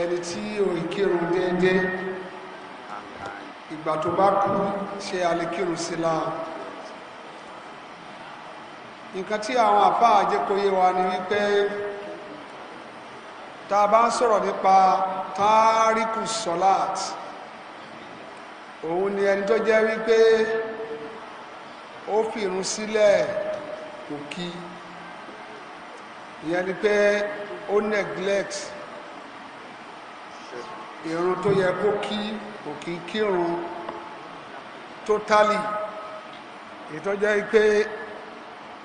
ẹni tí òun kírun déédéé ìgbà tó bá kú ṣe alikirun sí la nǹkan tí àwọn àfáà àjẹkọyé wa ni wípé tá a bá ń sọ̀rọ̀ nípa táríkù sọ́láàt òun ni ẹni tó jẹ́ wípé ó fìrun sílẹ̀ kò ìyẹn ni pé ó neglect ìrun tó yẹ kó kí kò kí kírun totally ìtọ́jẹ́ pé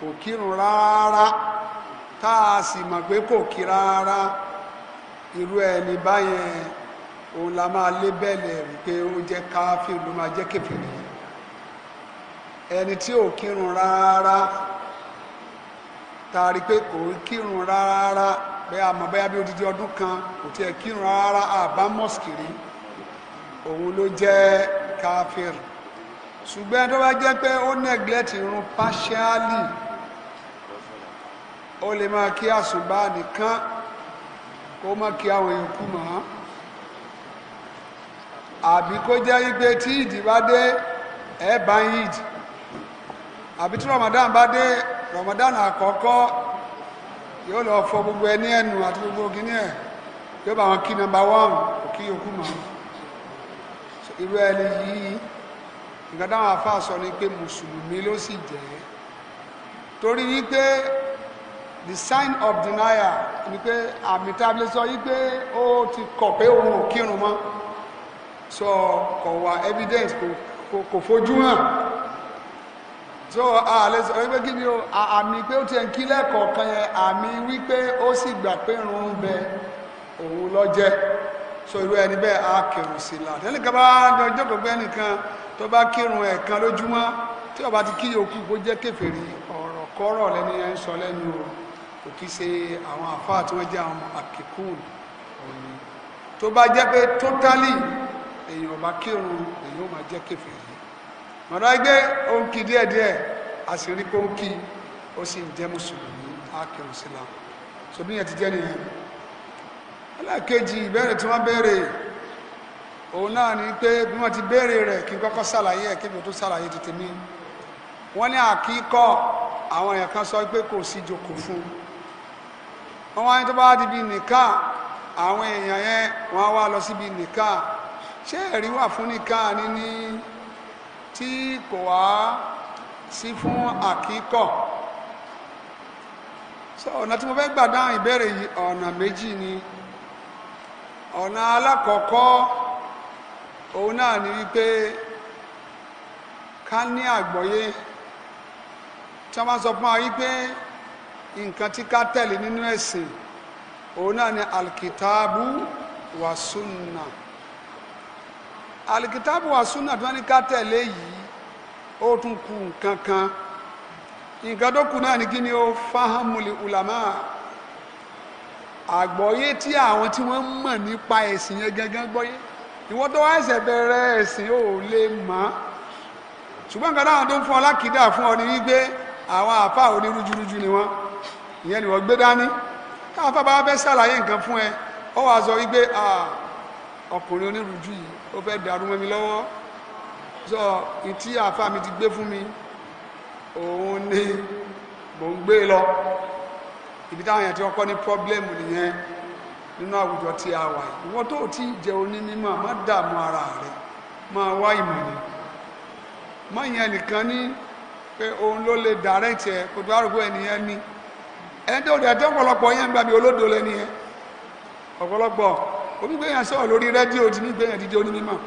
kò kírun rárá tá a sì mọ̀ pé kò kí rárá irú ẹni báyẹn òun la máa lé bẹ́ẹ̀lẹ̀ rí pé ó jẹ́ káfíìn ló máa jẹ́ kèfèrí ẹni tí ò kírun rárá taari pé kò kírun rárá bẹ́ẹ̀ àmọ́ bẹ́ẹ̀ bí odidi ọdún kan kò tiẹ̀ kírun rárá àbá mọ́sìkì rí òun ló jẹ́ káfíìr ṣùgbọ́n tó bá jẹ́ pé ó neglect irun partially ó lè máa kí àsùbá nìkan kó má kí àwọn yòókù mọ́ àbí kó jẹ́ wípé tí ìdí bá dé ẹ̀ bá ń yíd àbí tí Ramadan bá dé Ramadan àkọ́kọ́ yóò lọ fọ gbogbo ẹni ẹnu àti gbogbo gíní ẹ̀ yóò bá wọn kí nọmba wọ́n kò kí yòókù mọ́ irú ẹni yìí nǹkan táwọn afá sọ ni pé mùsùlùmí ló sì jẹ́ torí wípé the sign of denial ni pé àmì tábìlì sọ wípé ó ti kọ̀ pé òun ò kírun mọ́ sọ kọ̀ wá evidence kò fojú hàn so àlẹ́ sọ wípé kí ni o àmì pé ó ti ẹ̀ ń kí lẹ́kọ̀ọ́ kan yẹn àmì wípé ó sì gbà pé irun bẹ òun lọ́jẹ́ so irú ẹni bẹ́ẹ̀ á kírun sí i la tẹ́lẹ̀kan bá jọ jókòó pé ẹnìkan tó bá kírun ẹ̀ẹ̀kan lójúmọ́ tí ó bá ti kí yòókù kó jẹ́ kèfèrí ọ̀rọ̀ kọ́rọ̀ lẹ́ni ẹ̀ ń sọ lẹ́nu o kò kí ṣe àwọn àfáà tí wọ́n jẹ́ àwọn àkíkùn òní tó bá jẹ́ pé totally èèyàn ò bá kírun èèyàn ò máa jẹ́ kèfèrí mọ̀nà gbé òun kì díẹ̀díẹ̀ àṣírí kó ń kí ó sì jẹ́ mùsùlùmí ákẹrù sílá sóbí yẹn ti jẹ́ nìyẹn ẹlẹ́ẹ̀kejì ìbéèrè tí wọ́n béèrè òun náà ni pé bí wọ́n ti béèrè rẹ̀ kí n kọ́kọ́ ṣàlàyé ẹ̀ kébì tó ṣàlàyé tètè mí wọ́n ní àkíkọ́ àwọn èèyàn kan sọ pé kò sí jòkó fún wọ́n wáyé tó bá di bí nìka àwọn èèyàn yẹn wọ́n wá lọ síbi nìka ṣé ẹ̀rí wà fún nìka ní ní tí kò wá sí fún àkíkọ̀ so ọ̀nà tí mo fẹ́ gbà dáhùn ìbéèrè yìí ọ̀nà méjì ni ọ̀nà alákọ̀ọ́kọ́ òun náà ni wípé ká ní àgbọ́yé tí wọ́n bá sọ fún wa wípé nǹkan tí ká tẹ̀lé nínú ẹ̀sìn òun náà ni alkitabu wa sunna alikitaabu wa sunna tí wọ́n ní ká tẹ̀lé yìí ó tún kù nǹkan kan nǹkan tó kù náà ní kí ni ó fahamuli ulama àgbọ́yé tí àwọn tí wọ́n mọ̀ nípa ẹ̀sìn yẹn gangan gbọ́yé ìwọ tó wá ẹsẹ̀ bẹ̀rẹ̀ ẹ̀sìn ò lè mọ̀ ṣùgbọ́n nǹkan táwọn tó ń fún ọ lákìdá fún ọ ní wípé àwọn àfa onírúurú ni wọ́n ìyẹn ni wọ́n gbé dání káwọn fábà wá fẹ́ ṣàlàyé nǹkan fún ẹ ọ wàá sọ wípé ah ọkùnrin onírúurú yìí ó fẹ́ dàrú mọ́ mi lọ́wọ́ sọ ìtí àfa mi ti gbé fún mi òun ni mò ń gbé lọ ibi táwọn èèyàn ti kọ́kọ́ ní pọ́blẹ́mù nìyẹn nínú àwùjọ tí a wà yìí wọ́n tó ti jẹ́ oní mímọ̀ má dààmú ara rẹ̀ máa wá ìmọ̀ ni má yẹn nìkan ní pé òun ló lè direct ẹ kò tó àrùkù ẹnìyẹn ni ẹni tó dẹ̀ tó ọ̀pọ̀lọpọ̀ yẹn ń gbàgbé olódo lẹ́nìyẹn ọ̀pọ̀lọpọ̀ onígbéyàn sọ̀rọ̀ lórí rédíò ti nígbéyàn ti jẹ́ onímọ̀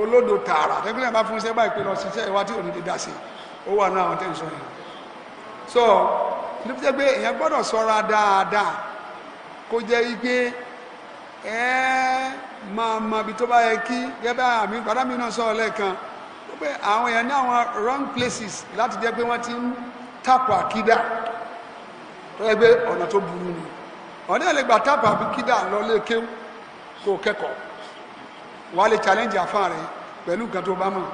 olódo tààrà tẹ́gbẹ́yàn bá fún iṣẹ́ báyìí pé lọ ṣiṣẹ́ ìwá tí ò ní sí ó wà náà àwọn tẹ́ ń sọ yẹn so ló fi jẹ́ pé èèyàn gbọ́dọ̀ sọ́ra dáadáa kó jẹ́ wípé ẹ máa mọ ibi tó bá yẹ kí gẹ́gẹ́ àmì gbàdá mi náà sọ̀rọ̀ lẹ́ẹ̀kan ó pé àwọn èèyàn ní àwọn wrong places láti jẹ́ pé wọ́n ti ń tàpù àkídà tó yẹ pé ọ̀nà tó burú ni ọ̀nà ìlẹ̀gbà tàpù àbíkídà lọ lé kéwù kó o kẹ́kọ̀ọ́ wàá lè challenge àfáà rẹ pẹ̀lú nǹkan tó bá mọ̀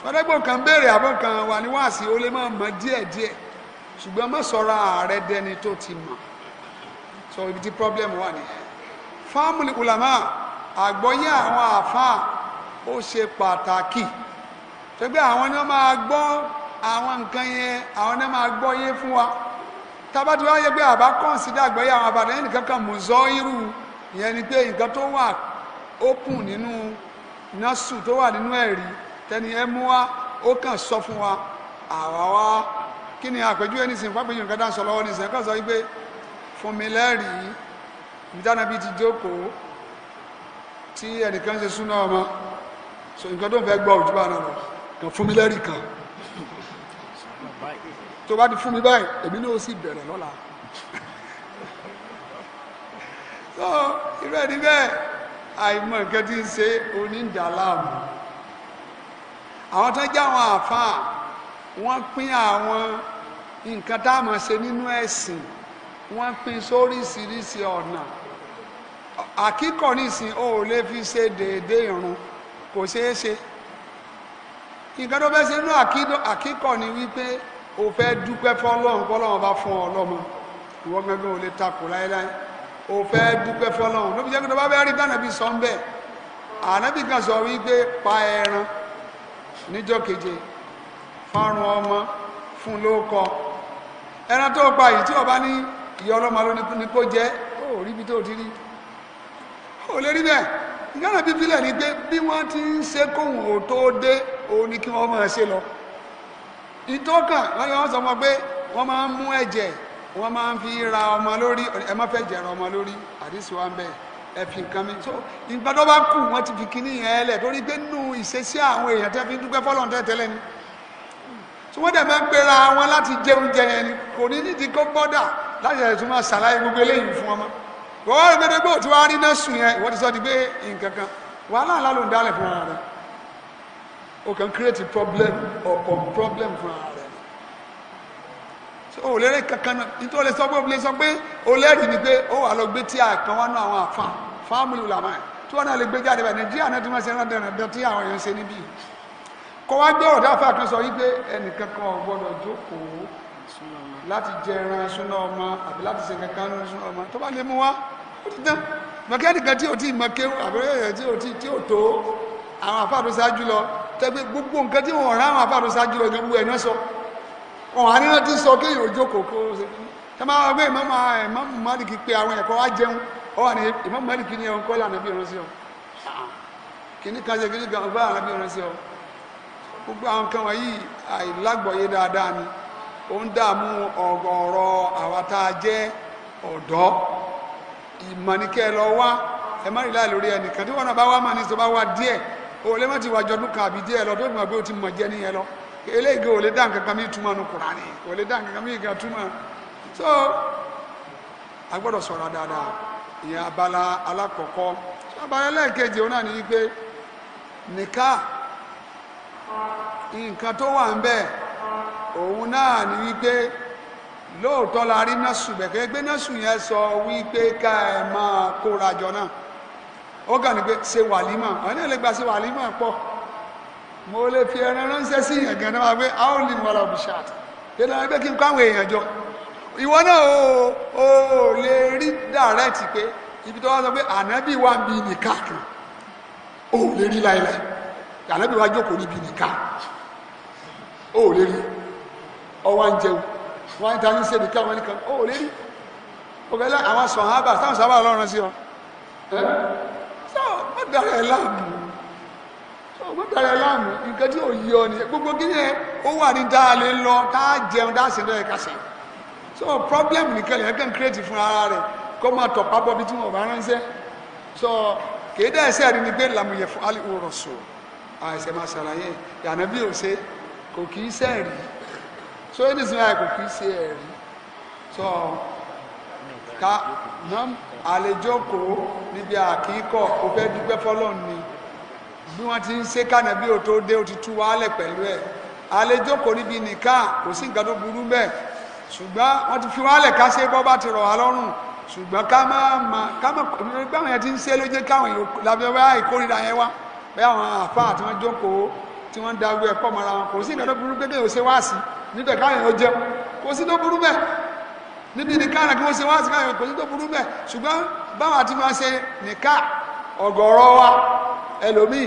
sọdẹ́gbọ̀n kan béèrè àbọ̀ kan wà ní wáàsí ó lè má mọ̀ díẹ̀díẹ̀ ṣùgbọ́n má sọ̀rọ̀ ààrẹ dẹni tó ti mọ̀ sọ ibi tí problem wà nìyẹn fámùlì ulama àgbọ́yé àwọn àfáà ó ṣe pàtàkì tẹgbẹ́ àwọn ni wọ́n máa gbọ́ àwọn nǹkan yẹn àwọn ni wọ́n máa gbọ́ yé fún wa tábàtúwá yẹ pé àbá kọ́ńsídà àgbọ́yé àwọn àbàdàn ẹnìkan kan mú zọ́ irú ìyẹn ni pé nǹkan tó wà open nínú násù tó wà nínú ẹ̀rí tẹni ẹ mú wa ó kàn sọ fún wa àwa wa kí ni àpèjúwe nísìnyí pápẹ́jù nǹkan dá ń sọ lọ́wọ́ nísìnyí kàn sọ wípé fún mi lẹ́rìí ìdánábí ti jókòó tí ẹnìkan ṣe súná ọmọ so nǹkan tó ń fẹ́ gbọ́ òjú bá náà lọ kàn fún mi lẹ́rìí kan tó bá ti fún mi báyìí èmi náà ó sì bẹ̀rẹ̀ lọ́la tó irú ẹni bẹ́ẹ̀ àìmọ̀ nǹkan tí ń ṣe onídàláàmù àwọn tó jẹ́ àwọn àfáà wọ́n pín àwọn nǹkan tá a máa ṣe nínú ẹ̀sìn wọ́n pín sóríṣiríṣi ọ̀nà àkíkọ̀ nísìn o ò lè fi ṣe déédéé irun kò ṣeé ṣe nǹkan tó fẹ́ ṣe inú àkíkọ̀ ni wípé o fẹ́ dúpẹ́ fọ́lọ́run fọ́lọ́run bá fún ọ lọ́mọ ìwọ gangan ò lè takò láéláé o fẹ́ dúpẹ́ fọlọ́run ló fi jẹ́ pé tó bá fẹ́ rí tànàbí sọ ń bẹ̀ ànábì kan sọ wípé pa ẹran níjọ́ keje fárun ọmọ fún lóókọ ẹran tó pa yìí tí ọba ní ìyá ọlọ́mọ ló ní kó jẹ́ ó rí ibi tó ti rí ó lè rí bẹ́ẹ̀ ìgbàna bíbílẹ̀ ni pé bí wọ́n ti ń ṣe kóhùn ò tó dé òun ni kí wọ́n máa ṣe lọ ìtọ́kàn wọ́n ni wọ́n sọ mọ́ pé wọ́n máa ń mú ẹ̀jẹ̀ wọ́n máa ń fi ra ọmọ lórí ẹ má fẹ́ jẹ̀rọ ọmọ lórí àdìsí wa ń bẹ̀ ẹ fi nǹkan mi so ìgbà tó bá kù wọ́n ti fi kíní yẹn lẹ̀ torí pé nínú ìṣesí àwọn èèyàn tẹ́ fi ń dúpẹ́ fọ́lọ́n tẹ́ tẹ́lẹ̀ ni tí wọ́n dẹ̀ máa ń pera wọn láti jẹ oúnjẹ yẹn ni kò ní ní ti kó bọ́dà láti ẹ̀ tún máa ṣàlàyé gbogbo eléyìí fún ọmọ wọ́n wá rí gbẹdẹgbẹ́ òtún wá rí náà sùn yẹn ìwọ́n ti sọ di pé nǹkan kan wàhálà ńlá ló ń dálẹ̀ fúnra rẹ̀ o kàn create problem or com problem fúnra rẹ̀ o lérè kankan náà nítorí o lè sọ pé o sọ pé o ni pé o wà lọ gbé tí a kan wá náà àwọn àfa fámìlì làmà ẹ̀ tí wọ́n náà lè gbé jáde báyìí nàìjíríà náà ti máa ṣe ẹran dẹ̀rẹ̀ dẹ̀ tí àwọn èèyàn ṣe níbí kọ́ wá gbé ọ̀dà fà kan sọ yí pé ẹnìkan kan ò jókòó láti jẹ ẹran súná ọmọ àbí láti ṣe kankan súná ọmọ tó bá lè mú wá ó ti tán mọ̀kẹ́ni kan tí o ti mọ̀ kéwù àbẹ̀rẹ̀ tí o ti tí o tó àwọn àfáàdó ṣáájú lọ tẹ́gbẹ́ gbogbo nǹkan tí wọ́n wọn á níná tí sọ kéèyàn ó jókòó kó o ṣe kí ẹ máa gbé ìmọ̀mọ́ ìmọ̀mọ́ mọ́lìkì pé àwọn ẹ̀kọ́ wá jẹun ọ wà ní ìmọ̀mọ́ mọ́lìkì ní ẹ̀hún kọ́lá ànábì ìránṣẹ́ ọ kìíní kan ṣe kìíní kan ọgbà ànábì ìránṣẹ́ ọ gbogbo àwọn kan wọ̀nyí àìlágbọ̀yé dáadáa ni ó ń dààmú ọ̀rọ̀ àwa tá a jẹ́ ọ̀dọ́ ìmọ̀nìkẹ́ lọ wá ẹ má rí lórí ẹnìkan tí wọn náà bá wá mọ̀ ní sọ bá wá díẹ̀ òun lè má ti wàjọdún kan àbí díẹ̀ lọ tó dùn àgbẹ̀ ó ti mọ̀ jẹ́ níyẹn lọ eléyìí ò lè dá nǹkan kan mí túmọ̀ nù Kùránì lè dá nǹkan so a gbọ́dọ̀ abala alákọ̀ọ́kọ́ abala ẹlẹ́ẹ̀kejì òun náà ní nìka nǹkan tó wà ń bẹ̀ òun náà ní wípé lóòótọ́ la rí násù bẹ̀kẹ́ gbé násù yẹn sọ wípé ká ẹ máa kóra jọ náà ó kàn ní pé ṣe ṣe pọ̀ mo lè fi ẹran ránṣẹ́ sí èèyàn gan náà pé a ó lè wọ́n ra òbíṣà yẹn náà pé kí n kó àwọn èèyàn jọ ìwọ náà o ò lè rí dàrẹ́tì pé ibi tó wá sọ pé ànábì wà ń bi nìkan kan o ò lè rí láéláé ànábì wà jókòó níbi nìkan o ò lè rí ọwọ́ à ń jẹun wọ́n ń ta ní sẹ́ni káwọn nìkan o lè rí òkèlè àwọn sọ̀hán àbà táwọn sábà lọ́rùn sí ọ. ẹ sọ ọ dara ẹ láàbù ọgbẹ́dàrẹ láàmú nǹkan tí ò yí ọ ní gbogbo gíyẹn ó wà ní dáalé lọ tá a jẹun dá sí lọ́yẹ̀ kásẹ̀ so problem nìkan lèyàn kàn create fún ara rẹ̀ kó máa tọ̀ pábọ́ bí tí wọ́n bá ránṣẹ́ so kèé dá ẹsẹ̀ rí ni pé làmúyẹ̀ fún alẹ́ òrò sọ àìsẹ̀ máa ṣàlàyé yàrá bí ò ṣe kò kì í ṣe ẹ̀rí so ẹni sinmi àyè kò kì í ṣe ẹ̀rí so ká àlejò kò níbi àkíkọ̀ ó fẹ́ dúpẹ́ fọlọ́ọ̀ ni bí wọ́n ti ń ṣe kànábí ò tó dé ó ti tú wálẹ̀ pẹ̀lú ẹ̀ àlejò kò níbi nìkan kò sí nǹkan tó burú bẹ́ẹ̀ ṣùgbọ́n wọ́n ti fi wálẹ̀ ká ṣe bọ́ bá ti rọ̀ wá lọ́rùn ṣùgbọ́n ká má ma ká má gbé àwọn yẹn ti ń ṣe ló jẹ́ káwọn èèyàn lábẹ́ wá ìkórira yẹn wá bẹ́ẹ̀ àwọn àfa àti wọn jókòó tí wọ́n ń da gbé ẹ̀kọ́ mọ́ra wọn kò sí nǹkan tó burú pé kéèyàn ṣe wá sí níbẹ̀ káwọn èèyàn jẹun kò sí tó burú bẹ́ẹ̀ níbi nìkan rẹ̀ kí wọ́n ṣe sí káwọn èèyàn kò sí tó burú bẹ́ẹ̀ ṣùgbọ́n báwọn àti wọn ṣe nìkan ọ̀gọ̀ọ̀rọ̀ wa ẹlòmíì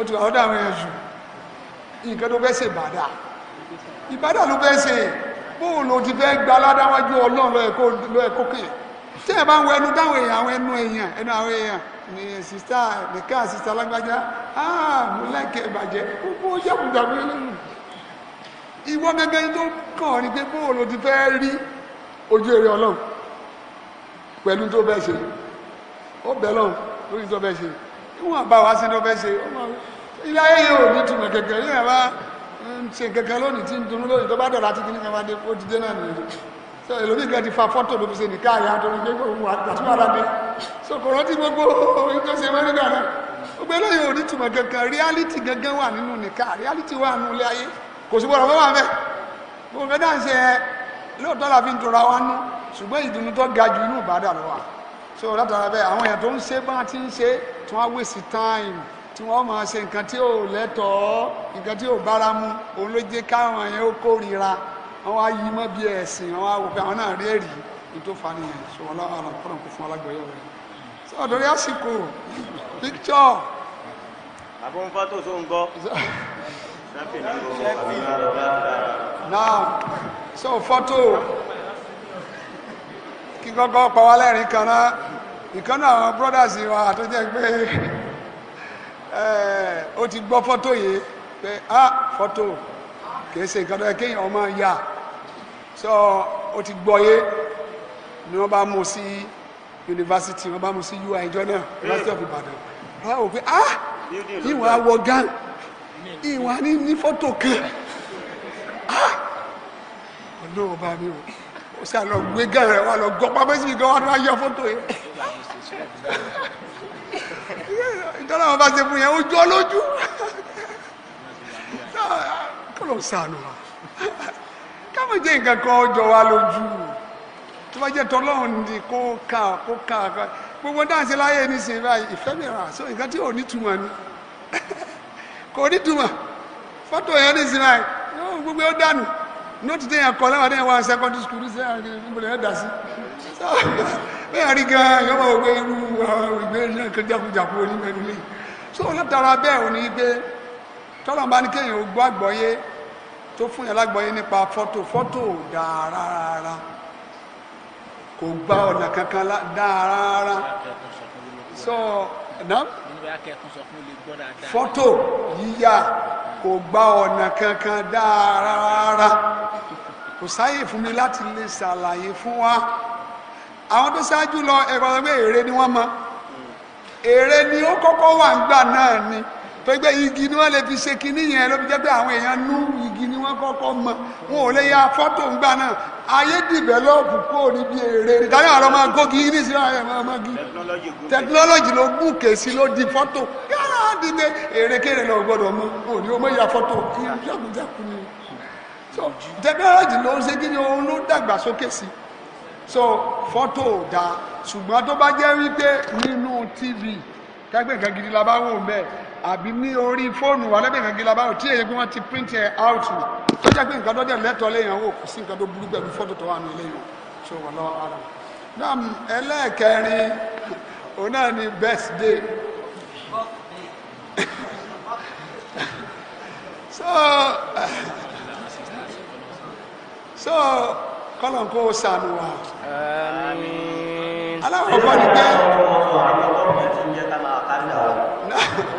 ó ti wà lọ́dọ̀ àwọn èèyàn jù nǹkan tó fẹ́ ṣe ìbàdà ìbàdà ló fẹ́ ṣe bóun ló ti fẹ́ gba aládáwájú ọlọ́run lọ ẹ̀kọ́ kè tí ẹ̀ bá ń wọ ẹnu táwọn èèyàn àwọn ẹnu èèyàn ẹnu àwọn èèyàn ní sista nìkan sista lágbájá áà ah, mo láìkẹ́ ìbàjẹ́ gbogbo ó yẹ̀kùn gbàgbé lẹ́nu ìwọ gẹ́gẹ́ tó kàn ní pé bóun ló ti fẹ́ rí ojú eré ọlọ́run pẹ̀lú tó bẹ́ẹ̀ ṣe ó bẹ́ẹ̀ lọ́run lórí tó bẹ́ẹ̀ ṣe níwọ̀n bá wá sí ní ó fẹ́ ṣe ilé ayé yìí ò ní túmọ̀ kẹ̀kẹ́ ní ẹ̀rọ ṣe kẹ̀kẹ́ lónìí tí ń dunú lónìí tó bá dọ̀la tí kìíní kan bá dé ó ti dé náà nìyí so èlòmíì kan ti fa fọ́tò ló fi ṣe nìka àyà tó ní gbogbo ohun àtúwà ládé so kò rántí gbogbo ohun tó ṣe mẹ́rin náà gbogbo eléyìí ò ní túmọ̀ kankan reality gangan wà nínú nìka reality wà nínú ilé ayé kò sí gbọdọ̀ wà mẹ́ gbogbo kẹ́tà ń ṣe lóòótọ́ la fi ń tora wa nú ṣùgbọ́n ìdùnnú tó ga jù inú ìbàdàn lọ wà so látara bẹ́ẹ̀ àwọn èèyàn tó ń ṣe bá ti ń ṣe tí wọ́n wíṣì táìmù tí wọ́n máa ṣe nǹkan tí ò lẹ́tọ̀ọ́ nǹkan tí ò bára mu òun ló jẹ́ káwọn yẹn ó kórìíra wọ́n á yí mọ́ bí ẹ̀sìn wọ́n á wò pé àwọn náà rí èrì ní tó fa nìyẹn so wọn láwọn ọlọ́pàá kò fún alágbèyẹ rẹ so ọ̀dọ́rí àsìkò picture. àbúrò fọ́tò tó ń gbọ́. now so photo kí kọ́kọ́ pa wá lẹ́rìn kan náà ìkan náà àwọn brothers wa tó jẹ́ pé ó ti gbọ́ fọ́tò yìí pé á fọ́tò kìí ṣe nǹkan tó yẹ kéèyàn ọmọ yà so ó ti gbọ́ yé ni wọ́n bá mú sí yunifásitì wọ́n bá mú sí UI ìjọ náà University of Ibadan wọ́n á wò pé á ìwà wọ gan ìwà ní fọ́tò kan á ọ̀nà ọba mi wò sá lọ gbé gẹrẹ wa lọ gọ pamẹ síbi gan wa lọ yọ fọ́tò yẹn ìtọ́lá wọn bá ṣe fún yẹn ó jọ lójú kọlọ sànù wa káwọn jẹ nǹkan kan ọjọ́ wa lójú tó bá jẹ tọlọ́run ni kó kà kó kà gbogbo dáǹsì láyé nísìnyí báyìí ìfẹ́ mìíràn so nǹkan tí ò ní túmọ̀ ni kò ní túmọ̀ fọ́tò yẹn nísìnyí báyìí gbogbo ó dànù nóòtù téèyàn kọ láwọn téèyàn wá secondary school ní sẹ́yìn àti ìbúlẹ̀ ẹ̀dá sí bẹ́ẹ̀ rí gan yọ́mọ̀ òwe irú uh, ìgbé náà kí jákujàku onímẹ̀nu lè so látara bẹ́ẹ̀ ò ní gbé tọ́lọ̀ bá ní kéèyàn gbọ́ àgbọ́yé tó fún yàn lágbọ́yé nípa fọ́tò fọ́tò dáa rárá kò gba ọ̀nà kankan dáa rárá so náà bóyá kẹ́kùn sọ fún mi lè gbọ́ dáadáa. fọ́tò yíyà kò gba ọ̀nà kankan dáa rárá kò sáyè fún mi láti lè ṣàlàyé fún wa àwọn tó ṣáájú lọ ẹ̀rọ ẹgbẹ́ èrè ni wọ́n mọ èrè ni ó kọ́kọ́ wà ń gbà náà ni tó gbé igi ni wọ́n lè fi ṣe kinní yẹn ló fi jẹ́ pé àwọn èèyàn nú igi ni wọ́n kọ́kọ́ mọ wọn ò lè ya fọ́tò ńgbà náà ayé dìbẹ́lọ́ọ̀pù kò ní bí èrè rẹ̀ dáná máa gógi ní sí ara máa máa gi tẹkinọ́lọ́jì ló gùn kèsì ló di fọ́tò yàrá dìde èrèkèrè lọ gbọ́dọ̀ mú òní ó mọ̀ ya fọ́tò kí jákujàku ni tẹkinọ́lọ́jì ló ń ṣe kí ni òun ló dàgbàsókè sí so fọ́tò ò dáa ṣùgbọ́n tó bá jẹ́ wípé nínú tv kágbé nǹkan gidi la bá wò ń àbí ní orí fóònù wa lẹ́bẹ̀ẹ́ ìrìnàgé labáwò tí èyí pé ti print ẹ̀ out ni tó jẹ́ pé nǹkan tó dẹ̀ lẹ́tọ̀ọ́ lẹ́yìn àwọn òkú sí nǹkan tó burú pẹ̀lú fọ́tò tó wà ní eléyìí so wà lọ́wọ́ ara náà ẹlẹ́ẹ̀kẹrin òun náà ni birthday so so kọ́lọ̀n kó sànù wa. aláwọ̀ kọ́ ni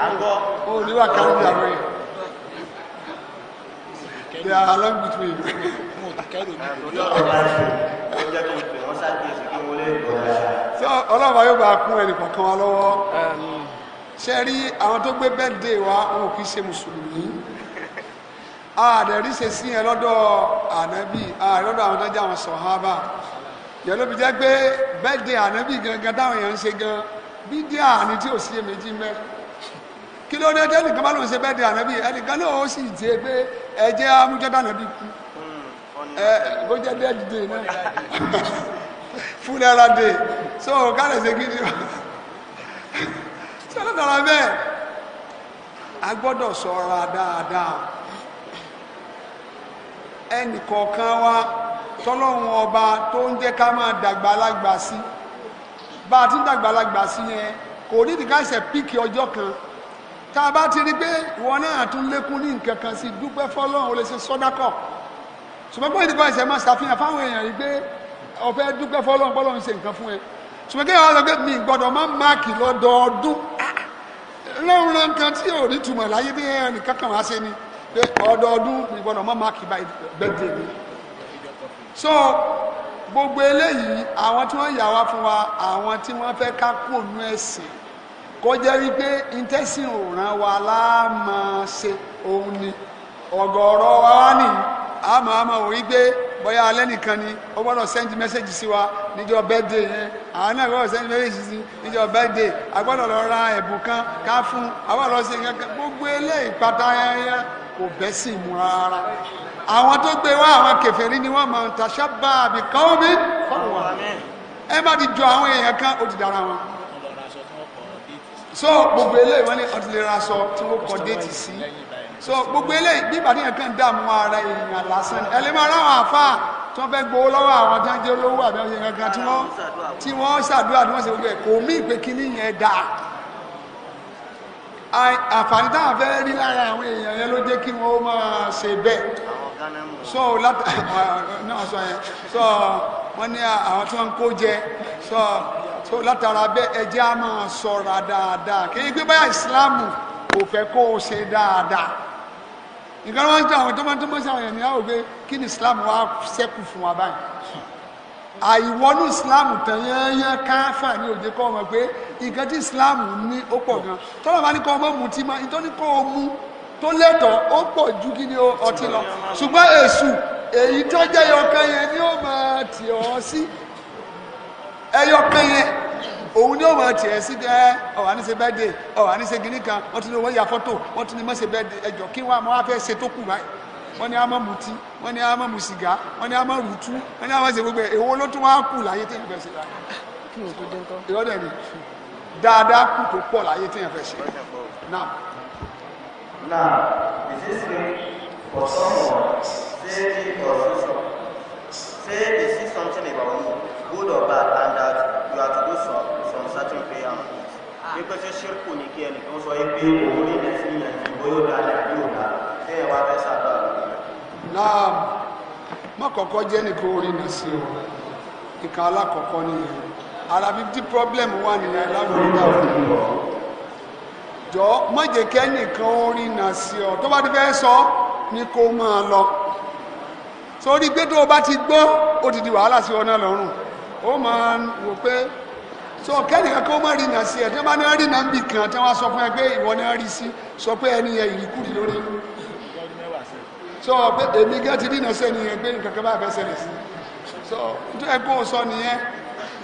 àgọ́. o ní wà kárí ní àwọn yẹn. they are along with me. mo ọlọ́run yóò bá kún ẹnì kọ̀ọ̀kan wa lọ́wọ́. ṣe rí àwọn tó gbé bẹ́ẹ̀dẹ̀ wa wọn ò kì í ṣe mùsùlùmí àdẹ̀rí ṣe sí yẹn lọ́dọ̀ ànábì àdọ́dọ̀ àwọn tó jẹ́ àwọn sọ̀hábà yẹn ló fi jẹ́ pé bẹ́ẹ̀dẹ̀ ànábì gangan táwọn èèyàn ń ṣe gan bídíà ni tí ò sí èméjì mẹ́rin kí ló dé bá lòun ṣe bẹ́ẹ̀ di ànábì ẹnìkan náà ó sì ṣe pé ẹ̀jẹ̀ hmm, ẹ bó jẹ́ náà so kálẹ̀ ṣe gidi ṣé ló dára bẹ́ẹ̀ a gbọ́dọ̀ dáadáa wa ọba tó ń jẹ́ ká máa dàgbà ti ń dàgbà yẹn kò ní ṣe píkì kan tá a bá ti rí pé ìwọ náà tún lékún ní nǹkan kan sí dúpẹ́ fọ́lọ́run o lè ṣe sọ́dákọ̀ ṣùgbọ́n pé ìdíkọ̀ ẹ̀sẹ̀ máa ṣàfihàn fáwọn èèyàn rí pé o fẹ́ dúpẹ́ fọ́lọ́run fọ́lọ́run ṣe nǹkan fún ẹ ṣùgbọ́n kí wọ́n lọ pé mi gbọ́dọ̀ má máàkì lọ́dọọdún lọ́run náà nǹkan tí ò rí túmọ̀ láyé bí ẹnì kankan wá ṣe ni pé ọdọọdún mi gbọ́dọ̀ má máàkì báyìí gbẹ́dẹ̀ mi. so gbogbo eléyìí àwọn tí wọ́n yà wá fún wa àwọn tí wọ́n fẹ́ ká kú òun ẹ̀sìn kọjá wípé intẹ́sìn òràn wa láàmà ṣe òun ni ọ̀gọ̀ọ̀rọ̀ wa wá nì àmọ́ àmọ́ òun wípé bóyá alẹ́ nìkan ni ó gbọ́dọ̀ send message sí wa níjọ́ birthday yẹn àwọn náà gbọ́dọ̀ send message sí níjọ́ birthday a gbọ́dọ̀ lọ ra ẹ̀bùn kan ká fún àwọn lọ sí nǹkan kan gbogbo eléyìí pátá yẹn kò bẹ́ sí mu rárá àwọn tó gbé wá àwọn kèfèrí ni wọ́n mọ̀ ń tàṣà bá àbíkọ́ mi fọwọ́ ẹ má ti jọ àwọn èèyàn kan ó ti dára wọn so gbogbo eléyìí wọ́n ní ọdúnlera sọ tí wọ́n kọ déètì sí so gbogbo eléyìí bíbá ní ẹ̀kan dààmú ara èèyàn lásán ni ẹlẹ́mọ̀ ara àwọn àfa tí wọ́n fẹ́ gbowó lọ́wọ́ àwọn tí wọ́n jẹ́ olówó àbí ọ̀sẹ̀ kankan tí wọ́n tí wọ́n ṣàdúrà tí wọ́n ṣe gbogbo ẹ̀ kò mí ìpè kíní yẹn dà àǹfààní táwọn fẹ́ rí lára àwọn èèyàn yẹn ló jẹ́ kí wọ́n máa ṣe bẹ́ẹ̀ so láti náà sọ yẹn so wọ́n ní àwọn tí wọ́n ń kó jẹ so so látara bẹ́ẹ̀ ẹ a máa ṣọ́ra dáadáa kí n gbé báyà kò kó o ṣe dáadáa nǹkan wọn ń tẹ àwọn tọmọtọmọ sí àwọn ènìyàn kí ni islam wá ṣẹ́kù fún wa báyìí àìwọ́nú islam tán yẹ́nyẹ́ ní òde kọ́ ọmọ pé nǹkan tí ní ó gan bá ní kọ́ ọmọ ní tó ní kọ́ ọ tó lẹ́tọ̀ ó pọ̀ ju kí ni ọtí lọ ṣùgbọ́n èṣù èyí tó jẹ́ yọkan yẹn ni ó máa tì ọ́ sí ẹyọ kan òun ni ó máa tiẹ̀ sí ẹ ọ̀wà ní ṣe birthday ọ̀wà ní kan wọ́n ti ní owó ya fọ́tò wọ́n ti ní mọ́ ṣe kí wọ́n á máa tó kù báyìí wọ́n ní á máa mutí wọ́n ní á máa mu sìgá wọ́n ní á máa rùtú wọ́n ní á máa ṣe gbogbo ẹ̀ èwo ló tún wá kù láyé téèyàn fẹ́ ṣe láyé dáadáa kù tó pọ̀ láyé téèyàn fẹ́ ṣe náà. Now, is this mean for someone say he or say they see something about me good or bad and that you have to do some some certain prayer on it ní pé ṣé ṣírkù ní kí ẹnìkan sọ pé òun ní ilẹ̀ sí ìyẹn ìbò yóò dá ní àbí òun dá téèyàn wá fẹ́ sábà lórí rẹ̀. náà mọ́kànkọ́ jẹ́ nìkan orí nà sí o nǹkan alákọ̀ọ́kọ́ nìyẹn ara fifty problem wà nìyẹn láwọn orí náà fún mi jọ mọ̀jẹ̀kẹ́ nìkan orí nà sí ọ tó bá ti fẹ́ sọ ni kó máa lọ sórí gbé tó o bá ti gbọ́ ó ti di wàhálà sí ọ náà lọ́rùn ó máa wò pé so kẹ́nìkan kó má rìnà sí ẹ̀ tí wọ́n bá ní wọ́n rìnà ń bì kan tí wọ́n sọ fún ẹ pé ìwọ ni wọ́n rí sí sọ pé ẹni yẹn ìrìkúrì lórí so pé èmi gẹ́ ti rìnà sẹ́ni yẹn pé nǹkan kan bá fẹ́ ṣẹlẹ̀ sí so nítorí ẹ kó o sọ nìyẹn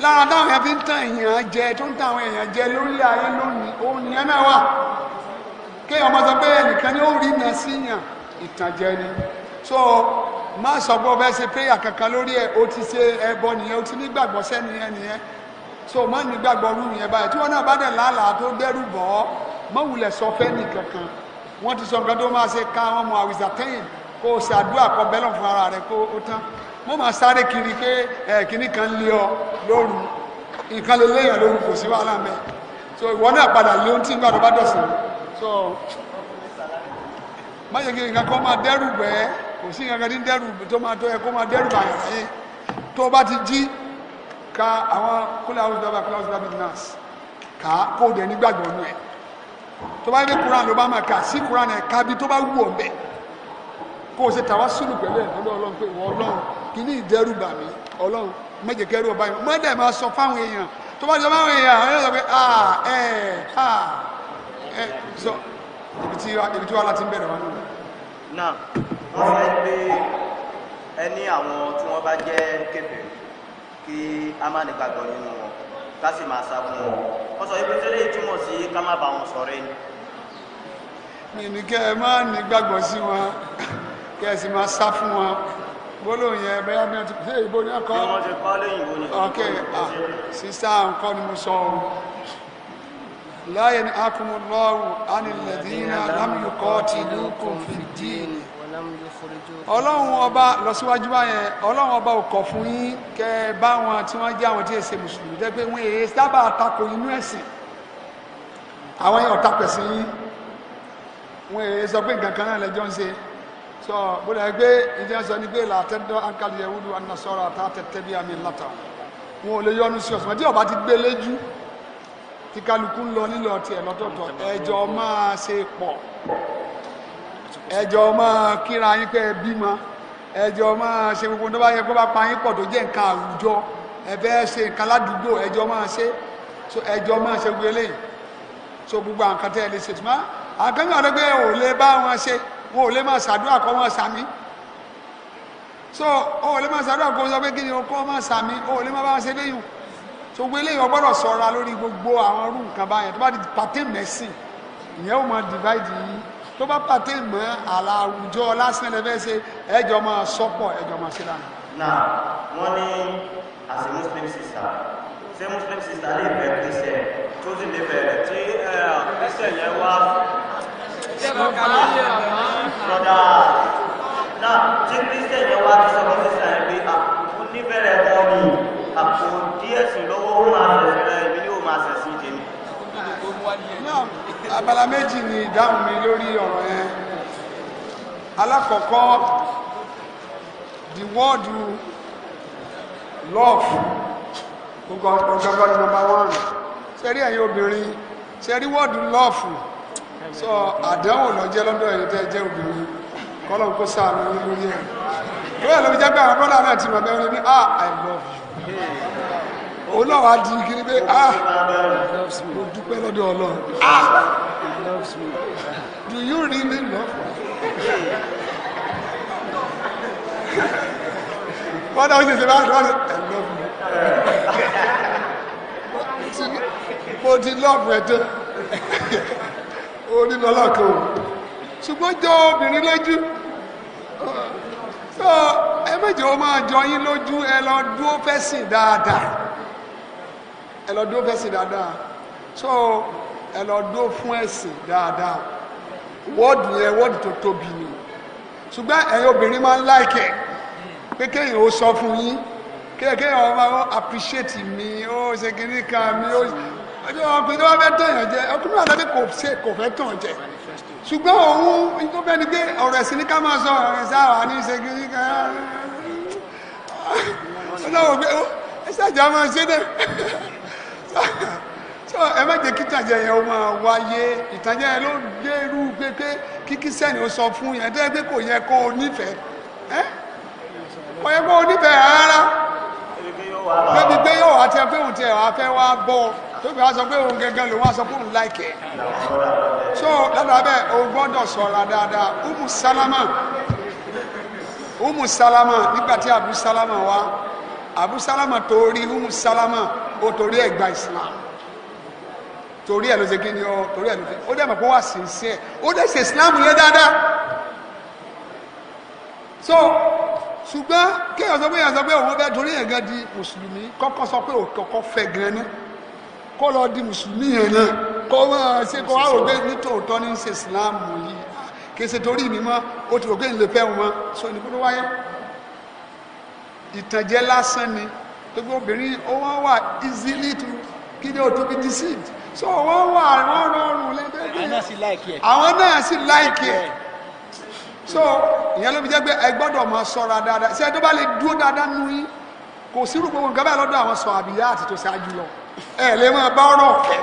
lára táwọn èèyàn fi ń tan èèyàn jẹ tó ń tan àwọn èèyàn jẹ lórílẹ̀ ayé lónìí òun nìyẹn náà wà kéèyàn máa sọ pé ẹnìkan ni ó rìnà sí yàn ìtànjẹ ni so má sọ pé o fẹ́ ṣe prayer kankan lórí ẹ̀ o ti ṣe ẹbọ nìyẹn o ti nígbàgbọ́ sẹ́ni yẹn nìyẹn so má nígbàgbọ́ rú yẹn báyìí tí wọ́n náà bá dẹ̀ lálàá tó dẹ́rù bọ́ má wulẹ̀ sọ fẹ́ nìkankan wọ́n ti sọ nǹkan tó máa ṣe ká wọn mọ àwìsà tẹ́yìn kó o ṣàdúrà kọ bẹ́lọ̀ fún ara rẹ kó o tán mo máa sáré kiri pé ẹ kíní kan lé ọ lóru nǹkan lè léèyàn lóru kò sí wàhálà mẹ so ìwọ náà padà lé ohun tí nǹkan tó bá dọ̀sìn so má yẹ kí nǹkan kan máa dẹ́rù bẹ́ẹ̀ kò sí nǹkan kan ní dẹ́rù tó máa tó yẹ kó máa dẹ́rù bàyàn sí tó bá ti jí ka àwọn kúláwùsì dábà kúláwùsì dábà nurse kà á kó dẹ̀ nígbàgbọ́ nù ẹ̀ tó bá yẹ kuran ló bá máa kà sí kuran ẹ̀ ká bí tó bá wù ọ́ bẹ̀ kó o ṣe tàwa sùnù pẹ̀lú ẹ̀ lọ́dọ̀ ọlọ́run pé ìwọ ọlọ́run kì í ní ìdẹ́rù bà mí ọlọ́run mẹ́jẹ̀kẹ́rù ọba yìí mọ́dẹ̀ máa sọ fáwọn èèyàn tó bá jọ máa ń yà ẹ sọ pé a ẹ a ẹ sọ ibi tí wàhálà ti ń bẹ̀rẹ̀ wá wọ́n fẹ́ pé ẹni àwọn tí wọ́n bá jẹ́ kèfèrí kí a má ní gbàgbọ́ nínú wọn ká sì máa sá fún wọn wọ́n sọ ibi tẹ́lẹ̀ túmọ̀ sí ká má bá wọn sọ̀rọ̀ ẹni. mi ní kẹ́ ẹ má ní gbàgbọ́ sí wọn kẹ́ ẹ sì máa sá fún wọn gbólóhùn yẹn bẹ́ẹ̀ bí wọ́n ti pè ìbò ní ọkọ. bí wọ́n kọ́ lẹ́yìn ìbò ní ọkọ. ok sísá nǹkan ni mo sọ ọ́ láyé ni akumulọ́wù ánilẹ̀dínà lámìkọ́ tìlú kò fìdí ni ọlọ́run ọba lọ́síwájú báyẹn ọlọ́run ọba ò kọ̀ fún yín kẹ bá wọn tí wọ́n jẹ́ àwọn tí èsè mùsùlùmí jẹ́ pé wọ́n èyí sábà tako inú ẹ̀sìn àwọn yẹn ọ̀tá pẹ̀ sí yín wọ́n èyí sọ pé nǹkan kan náà lẹ́jọ́ ń ṣe sọ bóde pé ìdí ẹ̀sọ́ ni pé làtẹ́dọ́ ankali yahudu anasọ́ra tá tẹ́tẹ́ bí àmì látà wọn ò lè yọnu sí ọ̀sán tí ọba ti gbé léjú tí kálukú ń lọ nílọ tiẹ̀ lọ́tọ̀ọ̀tọ̀ ẹjọ́ máa kíra yín pé ẹ bímọ ẹjọ́ máa ṣe gbogbo tó bá yẹ kó bá pa yín pọ̀ tó jẹ́ nǹkan àwùjọ ẹ fẹ́ ṣe nǹkan ládùúgbò ẹjọ́ máa ṣe so ẹjọ́ máa ṣe gbogbo eléyìí so gbogbo àǹkan tẹ́ ẹ lè ṣe tùmọ́ àkànjọ́ rẹ pé ò lè bá wọn ṣe wọn ò lè máa ṣàdúrà kọ́ wọn sàmí so ò lè máa ṣàdúrà kọ́ wọn sọ pé kí ni o kọ́ wọn sàmí ò lè máa bá wọn ṣe léyìn so gbogbo eléyìí wọn gbọ́dọ̀ lórí gbogbo àwọn irú báyẹn tó bá di pàtẹ́ mẹ́sìn ìyẹn ò máa divide yìí tó bá pàtẹ́ mọ́ àlà àwùjọ lásán lẹ́fẹ́ ṣe ẹjọ́ máa sọ́pọ̀ ẹjọ́ máa ṣe lánàá. na wọn ní as a muslim sister ṣé muslim sister lè bẹ christian tó sì lè bẹ̀rẹ̀ tí christian yẹn wá. broda na tí christian yẹn wá ti sọ fún sister yẹn pé àkókò ah, níbẹ̀rẹ̀ wọn ni àpò ah, díẹ̀ sí lọ́wọ́ ó máa rẹ̀ rẹ̀ yóò máa ṣẹ̀ sí ìdè mi abala méjì ni ìdáhùn mi lórí ọ̀rọ̀ yẹn alákọ̀ọ́kọ́ the word love gbogbo ni number one ṣe rí ẹ̀yin obìnrin ṣe rí word love so àdánwò lọ jẹ́ lọ́dọ̀ ẹ̀yin tẹ́ jẹ́ obìnrin kọ́lọ̀ kó sáà lórí lórí ẹ̀ lórí lórí jẹ́ pé àwọn bọ́dà náà ti mọ̀ bẹ́ẹ̀ ní ah i love you òun náà wàá di kiri pé ah mo dúpẹ́ lọ́dọ̀ ọlọ́run ah do you really love me? wọ́n náà ṣe ṣe bá wọ́n ṣe ẹ̀ love me. mo ti love ẹ tó orí lọ́lá kan o ṣùgbọ́n jọ obìnrin lójú ẹ méje ó máa jọ yín lójú ẹ lọ dúró fẹ́ sìn dáadáa ẹ lọ dúró fẹ́sìn dáadáa so ẹ lọ dúró fún ẹ̀sìn dáadáa wọ́ọ̀dù yẹn wọ́ọ̀dù tó tóbi ni ṣùgbọ́n ẹ̀yin obìnrin máa ń láìkẹ̀ pé kéèyàn ó sọ fún yín kéèyàn ó máa appreciate mi ó ṣe kíní kan mi ó ọjọ́ ọkùnrin tó bá fẹ́ tàn yàn jẹ ọkùnrin náà lọ́dẹ kò ṣe kò fẹ́ tàn jẹ ṣùgbọ́n òun tó fẹ́ ni pé ọ̀rọ̀ ẹ̀sìn ní ká máa sọ ọ̀rọ̀ ẹ̀sìn àwọn àní ṣe kíní kan ọjọ́ òun pé ó ẹ ṣàjà máa ṣe náà so ẹ má jẹ́ kí ìtànjẹ yẹn ó máa wáyé ìtànjẹ yẹn ló dé irú pépé kíkí sẹ́ni ó sọ fún yẹn tẹ́lẹ̀ pé kò yẹ kó o nífẹ̀ẹ́ ẹ́ kò yẹ kó o nífẹ̀ẹ́ rárá bẹ́ẹ̀ni pé yóò wá tẹ pé òun tẹ wá fẹ́ wá bọ́ tóbi wá sọ pé òun gẹ́gẹ́ lòun wá sọ pé òun láìkẹ́ so lọ́dọ̀ abẹ́ òun gbọ́dọ̀ sọ̀ra dáadáa umu salama umu salama nígbà tí abu salama wá abu salama torí umu salama o torí ẹ̀ gba islam torí ẹ̀ ló ṣe kí ni ó torí ẹ̀ ló ṣe ó dẹ̀ mọ̀ pé wà sí sí ẹ̀ ó dẹ̀ ṣe islam yẹn dáadáa so ṣùgbọ́n kéèyàn sọ pé èèyàn sọ pé òun bẹ́ẹ̀ torí ẹ̀ gan di mùsùlùmí kọ́kọ́ sọ pé òun kọ́kọ́ fẹ́ gan náà kó lọ di mùsùlùmí yẹn náà kó máa ṣe kó wá rò pé nítòótọ́ ní ṣe islam yìí kèsè torí mi mọ́ ó ti rò pé ń lè fẹ́ wọn so ìdíkúndó wáyé ìtànjẹ lásán ni gbogbo obìnrin ó wọ́n wà easily to kí ni o to be deceived so wọ́n wà wọ́n rọrùn lẹ́gbẹ̀ẹ́ àwọn náà sì láìkì ẹ̀ so ìyẹn ló fi jẹ́ pé ẹ gbọ́dọ̀ máa ṣọ́ra dáadáa ṣé ẹ tó bá lè dúró dáadáa nù yín kò sírù gbogbo nǹkan báyìí lọ́dọ̀ àwọn sọ àbíyá àti tó ṣáájú lọ ẹ lè máa bá ọ̀rọ̀ ọ̀fẹ́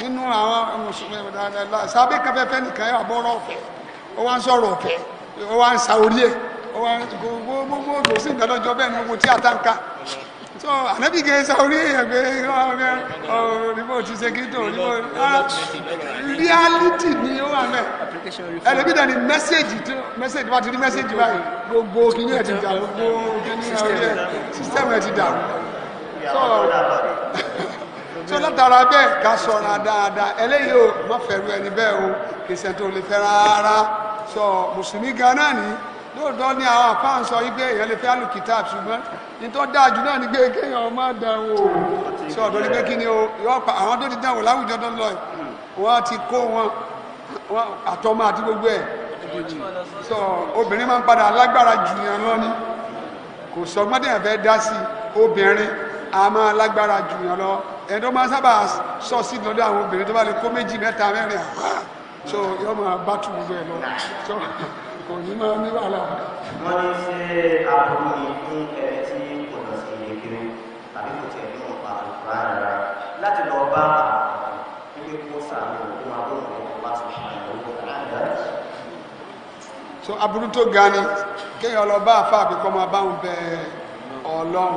nínú àwọn mùsùlùmí sábẹ́ kan fẹ́fẹ́ nìkan ẹ wà bọ́ ọ̀rọ̀ ó wá ń sọ̀rọ̀ ọ̀fẹ́ ó wá ń sa orí ẹ̀ gbogbo kò sí ìdánlọ́jọ́ bẹ́ẹ̀ ni gbogbo tí a ta ń ka so ànábì kẹ́ sọ orí èèyàn pé òrìbó ti ṣe kí tó òrìbó ah, reality ni ó wà mẹ́ ẹlòmíì náà ni mẹ́sẹ̀gì tó mẹ́sẹ̀gì wá ti rí mẹ́sẹ̀gì báyìí gbogbo kìíní ẹ̀ ti dà gbogbo kìíní orí ẹ̀ sísẹ́mù ẹ̀ ti dà so so látara bẹ́ẹ̀ ká sọ̀ra dáadáa eléyìí ò má fẹ̀rù ẹni bẹ́ẹ̀ o kìsẹ̀ tó lè fẹ́ rárá so mùsùlùmí gan náà ni lóòótọ́ ni àwọn àpáàn sọ wípé èèyàn lè fẹ́ alùkìtàb ṣùgbọ́n nítorí dájú náà ni pé kéèyàn má dánwò sọ ọ̀dọ́ ni pé kí ni o yọ pa àwọn tó ti dánwò láwùjọ tó ń lọ wọn ti kó wọn àtọmọ àti gbogbo ẹ sọ obìnrin máa ń padà alágbára jù yàn lọ ni kò sọ gbọ́n tẹ̀yàn fẹ́ dá sí obìnrin a máa lágbára jù yàn lọ ẹni tó máa sábà sọ sí lọ́dọ̀ àwọn obìnrin tó bá lè kó méjì mẹ́ta mẹ́rin àpá yọ máa bá tù gbogbo ẹ lọ kò ní máa ní wàhálà. wọ́n ní ṣé àbúrò ni fún ẹni tí kò lọ sí iye kiri tàbí kò tiẹ̀ nínú àlùfáà rárá láti lọ bá àwọn ilé kó sàmì òkú agbóhùn ẹ̀kọ́ bá ti ṣe àyẹ̀wò àyẹ̀wò. so aburú tó ga ni kéèyàn lọ bá àfa àbíkọ́ máa bá òun bẹ ọlọ́run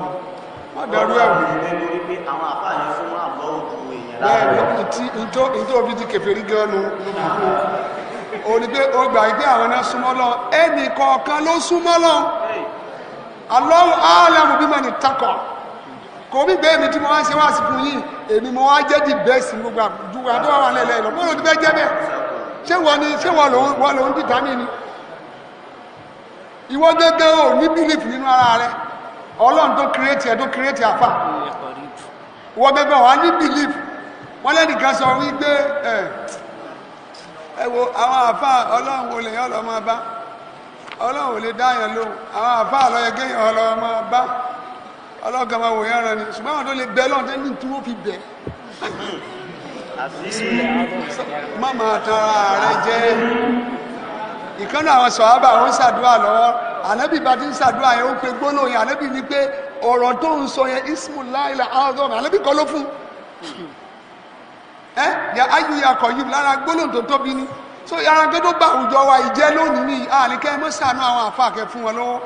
má dẹrú ẹ̀wù. bẹ́ẹ̀ ni ìjọ òbí ti kẹfẹ́ gan-an nù òní pé ó gbà pé àwọn náà súnmọ́ lọ ẹnì kọ̀ọ̀kan ló súnmọ́ lọ Allahu a'lamu bimani taqa kò mí bẹ́ẹ̀ mi tí mo wá ń ṣe wá sí fún yìí èmi mo wá jẹ́ di bẹ́ẹ̀ sí gbogbo àdúgbò àdúgbò wà lẹ́lẹ́ lọ mọ́rọ̀ ti bẹ́ẹ̀ jẹ́ bẹ́ẹ̀ ṣé wọ́n ni ṣé wọ́n lòun wọ́n lòun dìtà mí ni ìwọ gẹ́gẹ́ ò ní bílífù nínú ara rẹ ọlọ́run tó kírètì ẹ̀ tó kírètì àfà ìwọ gẹ́gẹ́ wà ní bílífù wọ́n lẹ́nìkan sọ wípé ẹ̀ ẹ wo àwọn àfáà ọlọ́run wo lèyàn lọ máa bá ọlọ́run ò lè dáyàn lóhùn àwọn àfáà lọ́yẹ kéèyàn lọ máa bá ọlọ́gàn máa wòyàn rẹ ni ṣùgbọ́n àwọn tó lè bẹ lọ́run tẹ́lẹ̀ tí wọ́n fi bẹ̀ má máa rẹ jẹ ìkànnì àwọn sọ̀hábà ń ṣàdúrà lọ́wọ́ ànábì bá ti ń ṣàdúrà yẹn ó pe gbólóhùn yẹn ànábì ní pé ọ̀rọ̀ tó ń sọ yẹn ismu láìla àwọn ọ̀dọ́ ànábì kọ́ ló fún ẹ yà áyù yà kọ̀ yìí lára gbólóhùn tó tóbi ni so ara tó tó gba àwùjọ wa ìjẹ́ lónìí ni àníkẹ́ ẹ mọ́ sànú àwọn àfa kẹ fún wọn lọ́wọ́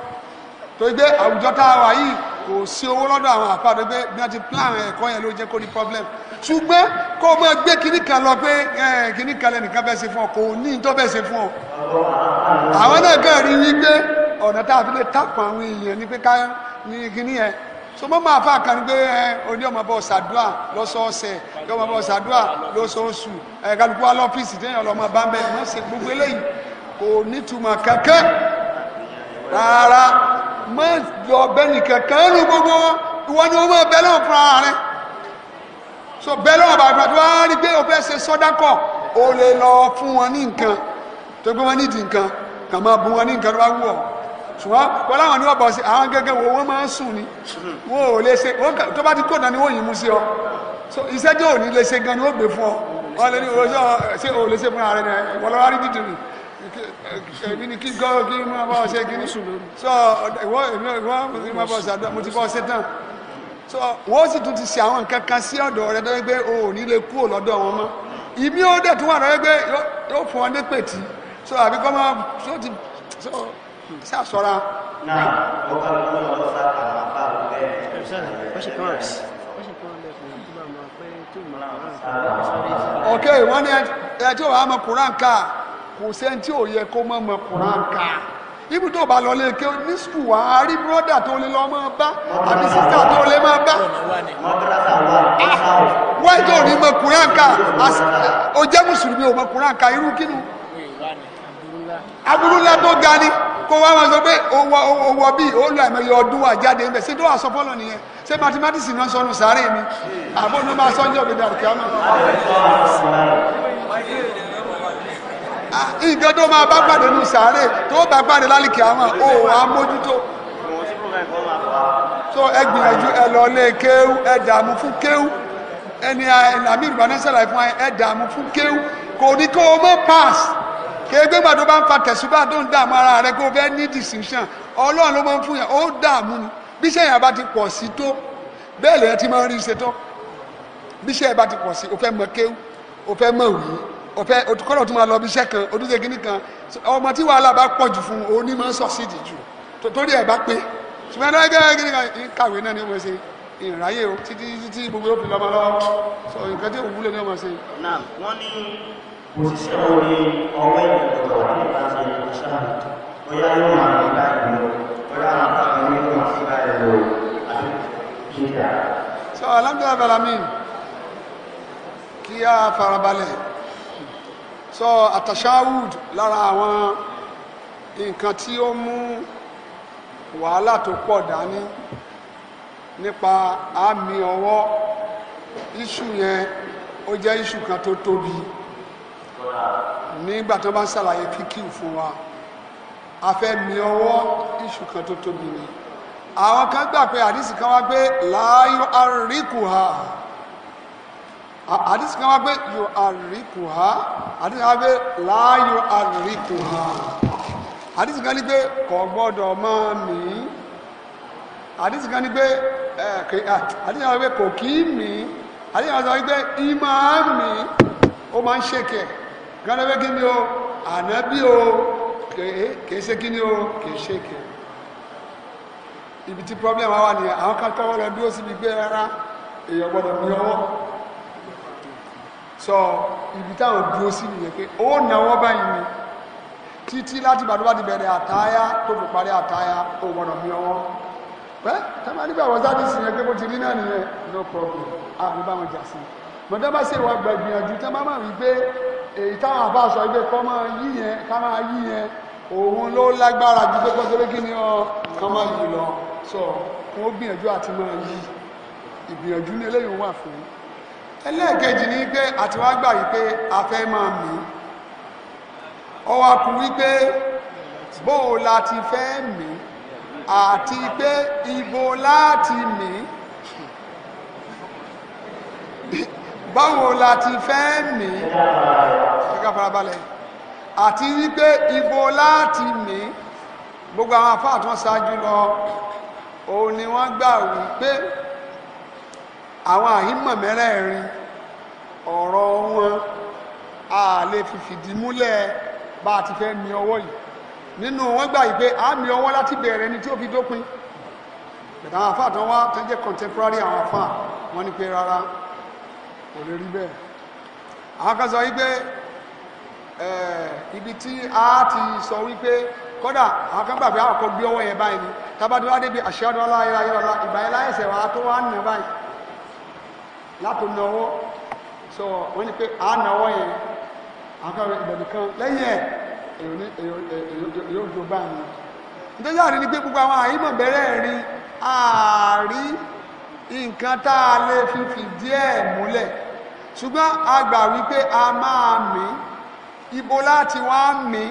torí pé àwùjọ tá a wà yìí kò sí owó lọ́dọ̀ àwọn àfa tó gbé bí wọ́n ti plan ẹ̀kọ́ yẹn ló jẹ́ kó ní problem ṣùgbọ́n kó o máa gbé kinní kan lọ pé kinní kan lẹ́nìkan fẹ́ ṣe fún ọ kò ní tó fẹ́ ṣe fún ọ àwọn náà kàn rí yín gbé ọ̀nà tá a fi lè tàpọ̀ àwọn èèyàn ní pé ká ní kinní yẹn so mọ́ máa fà kan ní pé ẹ oní ọmọ bọ́ ṣàdúà lọ́sọ̀ọ̀sẹ̀ ní ọmọ bọ́ ṣàdúà lọ́sọ̀ọ̀sù ẹ kálukú wa lọ́fíìsì téèyàn lọ́mọ bá ń bẹ wọ́n ṣe gbogbo eléyìí kò nítumọ̀ kankan rárá má lọ bẹ́ẹ̀ni kankan nínú gbogbo ìwọ ni wọ́n máa bẹ́ẹ̀ lọ́wọ́ fúnra rẹ so bẹ́ẹ̀ lọ́wọ́ bàbá tó wá rí pé o fẹ́ ṣe sọ́dákọ̀ o lè lọ fún wọn ní nǹkan tó gbé wọn nídìí nǹkan kà máa bu wọn ní nǹkan tó bá wù ọ́ ṣùgbọ́n wọ́n láwọn ní ọ̀bọ̀ sí àwọn gẹ́gẹ́ wo wọ́n máa ń sùn ni wọ́n ò lè ṣe tó bá ti kó náà ni wọ́n yìí mú sí ọ so iṣẹ́ tí ò lè ṣe gan ni ó gbé fún ọ wọ́n lè ní oṣù ṣé ò lè ṣe fúnra rẹ̀ wọ́n lọ́wọ́ rí dídì èmi ni kí gọ́ kí máa bọ́ ṣe kí ni so ìwọ èmi ìwọ mi so wọ́n sì tún ti ṣe àwọn nǹkan kan sí ọ̀dọ̀ rẹ̀ tó pé o ò ní lè kúrò lọ́dọ̀ wọn mọ́ ìmí ó dẹ̀ tún wà lọ́wọ́ pé yóò fún ọ ní pètì so àbí kọ́ máa so ti so sàṣọ́ra. náà ọkọ̀ ló lọ sá àwọn afá bẹ́ẹ̀. wọ́n ṣe kọ́ ọ̀sì wọ́n ṣe ok wọ́n ní ẹ tí ò bá mọ Kùránì kà kò sẹ́ni tí ò yẹ kó mọ̀ mọ Kùránì kà ibi tó bá lọ lé ké ní sùkúù wà á rí bírọ́dà tó lè lọ máa bá àbí sísá tó lè máa bá. Ah, wọ́n tó ní mọ Kùránì kà ó jẹ́ mùsùlùmí ò mọ Kùránì kà irú kínú. aburú tó ga ni kó wá wọn sọ pé owó owó bíi ó lọ àìmọye ọdún wà jáde ń bẹ ṣé tó wà sọ fọlọ nìyẹn ṣé mathematics náà sọnù sáré mi àbó ní máa sọ́njọ́ gbé dàrú kíá náà. nǹkan tó máa bá pàdé nù sáré tó bá pàdé lálìkí àwọn ò wá mójútó so ẹ gbìyànjú ẹ lọ lé kéwú ẹ dààmú fún kéwú ẹni àmì ìgbà náà ṣàlàyé fún ẹ dààmú fún kéwú kò ní kó o mọ pass kéègbé gbàdó bá ń fa tẹ̀síbá tó ń dààmú ara rẹ kó o fẹ́ ní decision ọlọ́run ló máa ń fún yẹn ó dààmú ni bí sẹ́yìn abá ti pọ̀ sí tó bẹ́ẹ̀ lóyún ti máa ń rí ṣe tó bí sẹ́yìn abá ti pọ̀ sí o fẹ́ mọ kéwù o fẹ́ mọ òwú o fẹ́ kọ́lọ̀ tó máa lọ bí iṣẹ́ kan o tún ṣe kíní kan ọmọ tí wàhálà bá pọ̀ jù fún òun ní máa ń sọ̀sídìí jù torí ẹ̀ bá pé ṣùgbọ́n ẹ̀dá ìráyè o títí títí gbogbo òfin lọ́mọ lọ́wọ́ sọ nǹkan tí òwúlò ní ọmọ ṣe. náà wọ́n ní òṣìṣẹ́ orí ọwọ́ ìgbẹ̀tọ̀ wà nípa ṣe ìṣàlẹ̀ bóyá yóò máa rí báyìí lọ bóyá máa bá wọn nínú àti báyìí lọ àti jíjà. sọ alhamdulilayi balamin kí a farabalẹ̀ sọ àtàṣáwùd lára àwọn nǹkan tí ó mú wàhálà tó pọ̀ dání nípa àmì ọwọ́ iṣu yẹn ó jẹ́ iṣu kan tó tóbi nígbà tó bá ń ṣàlàyé kíkìú fún wa a fẹ́ mi ọwọ́ iṣu kan tó tóbi ni àwọn kan gbà pé àdìsí kan wá pé láàyò àríkù ha àdìsí kan wá pé yò àríkù ha àdìsí kan wá pé láàyò àríkù ha àdìsí kan ní pé kò gbọ́dọ̀ máa mì í àdìsí kan ní pé ah. àdìsí kan wá pé kò kí í àdìsí kan wá pé ìmáàmì ó máa ń ṣèkẹ̀ẹ́ kánà pé kí ni o ànábì o kìí ṣe o kìí ṣe ibi tí problem wa wà nìyẹn àwọn kan tọwọ́ lọ dúró síbi gbé rárá èèyàn gbọ́dọ̀ ní ọwọ́ sọ ibi táwọn dúró sí nìyẹn pé ó náwó báyìí ni títí láti bàtú ti bẹ̀rẹ̀ àtáyá tó fi parí àtáyá ó gbọ́dọ̀ ní ọwọ́ pẹ́ tẹ́lẹ̀ nígbà wọ́n sáà ti sìn yẹn pé bó ti rí náà nìyẹn no problem àbí báwọn jà sí i mọ̀tẹ́ bá ṣe ìwà gbẹ̀gbìyànjú tẹ́ bá máa wí pé èyí táwọn àbá sọ wípé kọ́ máa yí yẹn ká máa yí yẹn òun ló lágbára ju pé kọ́sẹ́ pé kí ni ọ máa yí lọ sọ fún ó gbìyànjú àti máa yí ìgbìyànjú ní eléyìí wà fún un ẹlẹ́ẹ̀kejì ni pé àti wá gbà wípé a fẹ́ máa mí ọ wá kú wípé bóò la ti fẹ́ mí àti pé ibo láti mí báwo la ti fẹ́ mí ẹ̀ka farabalẹ̀ àti wípé ibo láti mí gbogbo àwọn afáà tó ń ṣáájú lọ òun ni wọ́n gbà wípé àwọn àhímọ̀ mẹ́rẹ̀ẹ̀rin ọ̀rọ̀ wọn a lè fi fìdí múlẹ̀ bá a ti fẹ́ mi ọwọ́ yìí nínú wọn gbà wípé a mi ọwọ́ láti bẹ̀rẹ̀ ni tí ó fi dópin bẹ̀rẹ̀ àwọn afáà tó wá tó jẹ́ contemporary àwọn afáà wọ́n ní pé rárá kò lè rí bẹ́ẹ̀ àwọn kan sọ ibi tí a ti sọ wípé kódà àwọn kan gbàgbé àwọn kan gbé ọwọ́ yẹn báyìí ni tábàdúrà débi àṣẹwádọ́ aláìlá ìrọ̀lá ìbáyé láìsẹ̀ wà tó wà nù báyìí látò náwó sọ wọ́n ní pé a náwó yẹn àwọn kan ìbẹ̀bì kan lẹ́yìn ẹ̀ èyí ò dùn báyìí nítorí àrí ni pé gbogbo àwọn àyímọ̀ bẹ̀rẹ̀ rí ààrí nǹkan tá a lè fi fìdí ẹ̀ múlẹ̀ ṣùgbọ́n a gbà wípé a máa mí ibo láti wá mí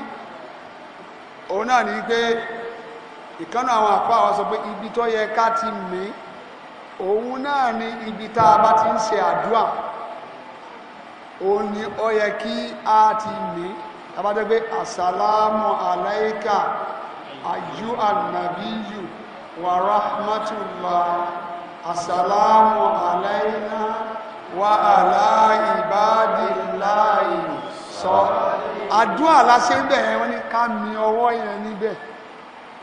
òun náà ní pé ìkànnà àwọn àpá wa sọ pé ibi tó yẹ ká ti mí òun náà ní ibi tá a bá ti ń ṣe àdúrà òun ni ó yẹ kí a ti mí abájọ́ pé àsàlámù aláìkà ayú ànàbíyù wàràhmàtúlá àsàlámù aláìláà wàhálà ìbádìláì sọ àdúrà láṣẹ bẹ́ẹ̀ wọ́n ní ká mi ọwọ́ yẹn níbẹ̀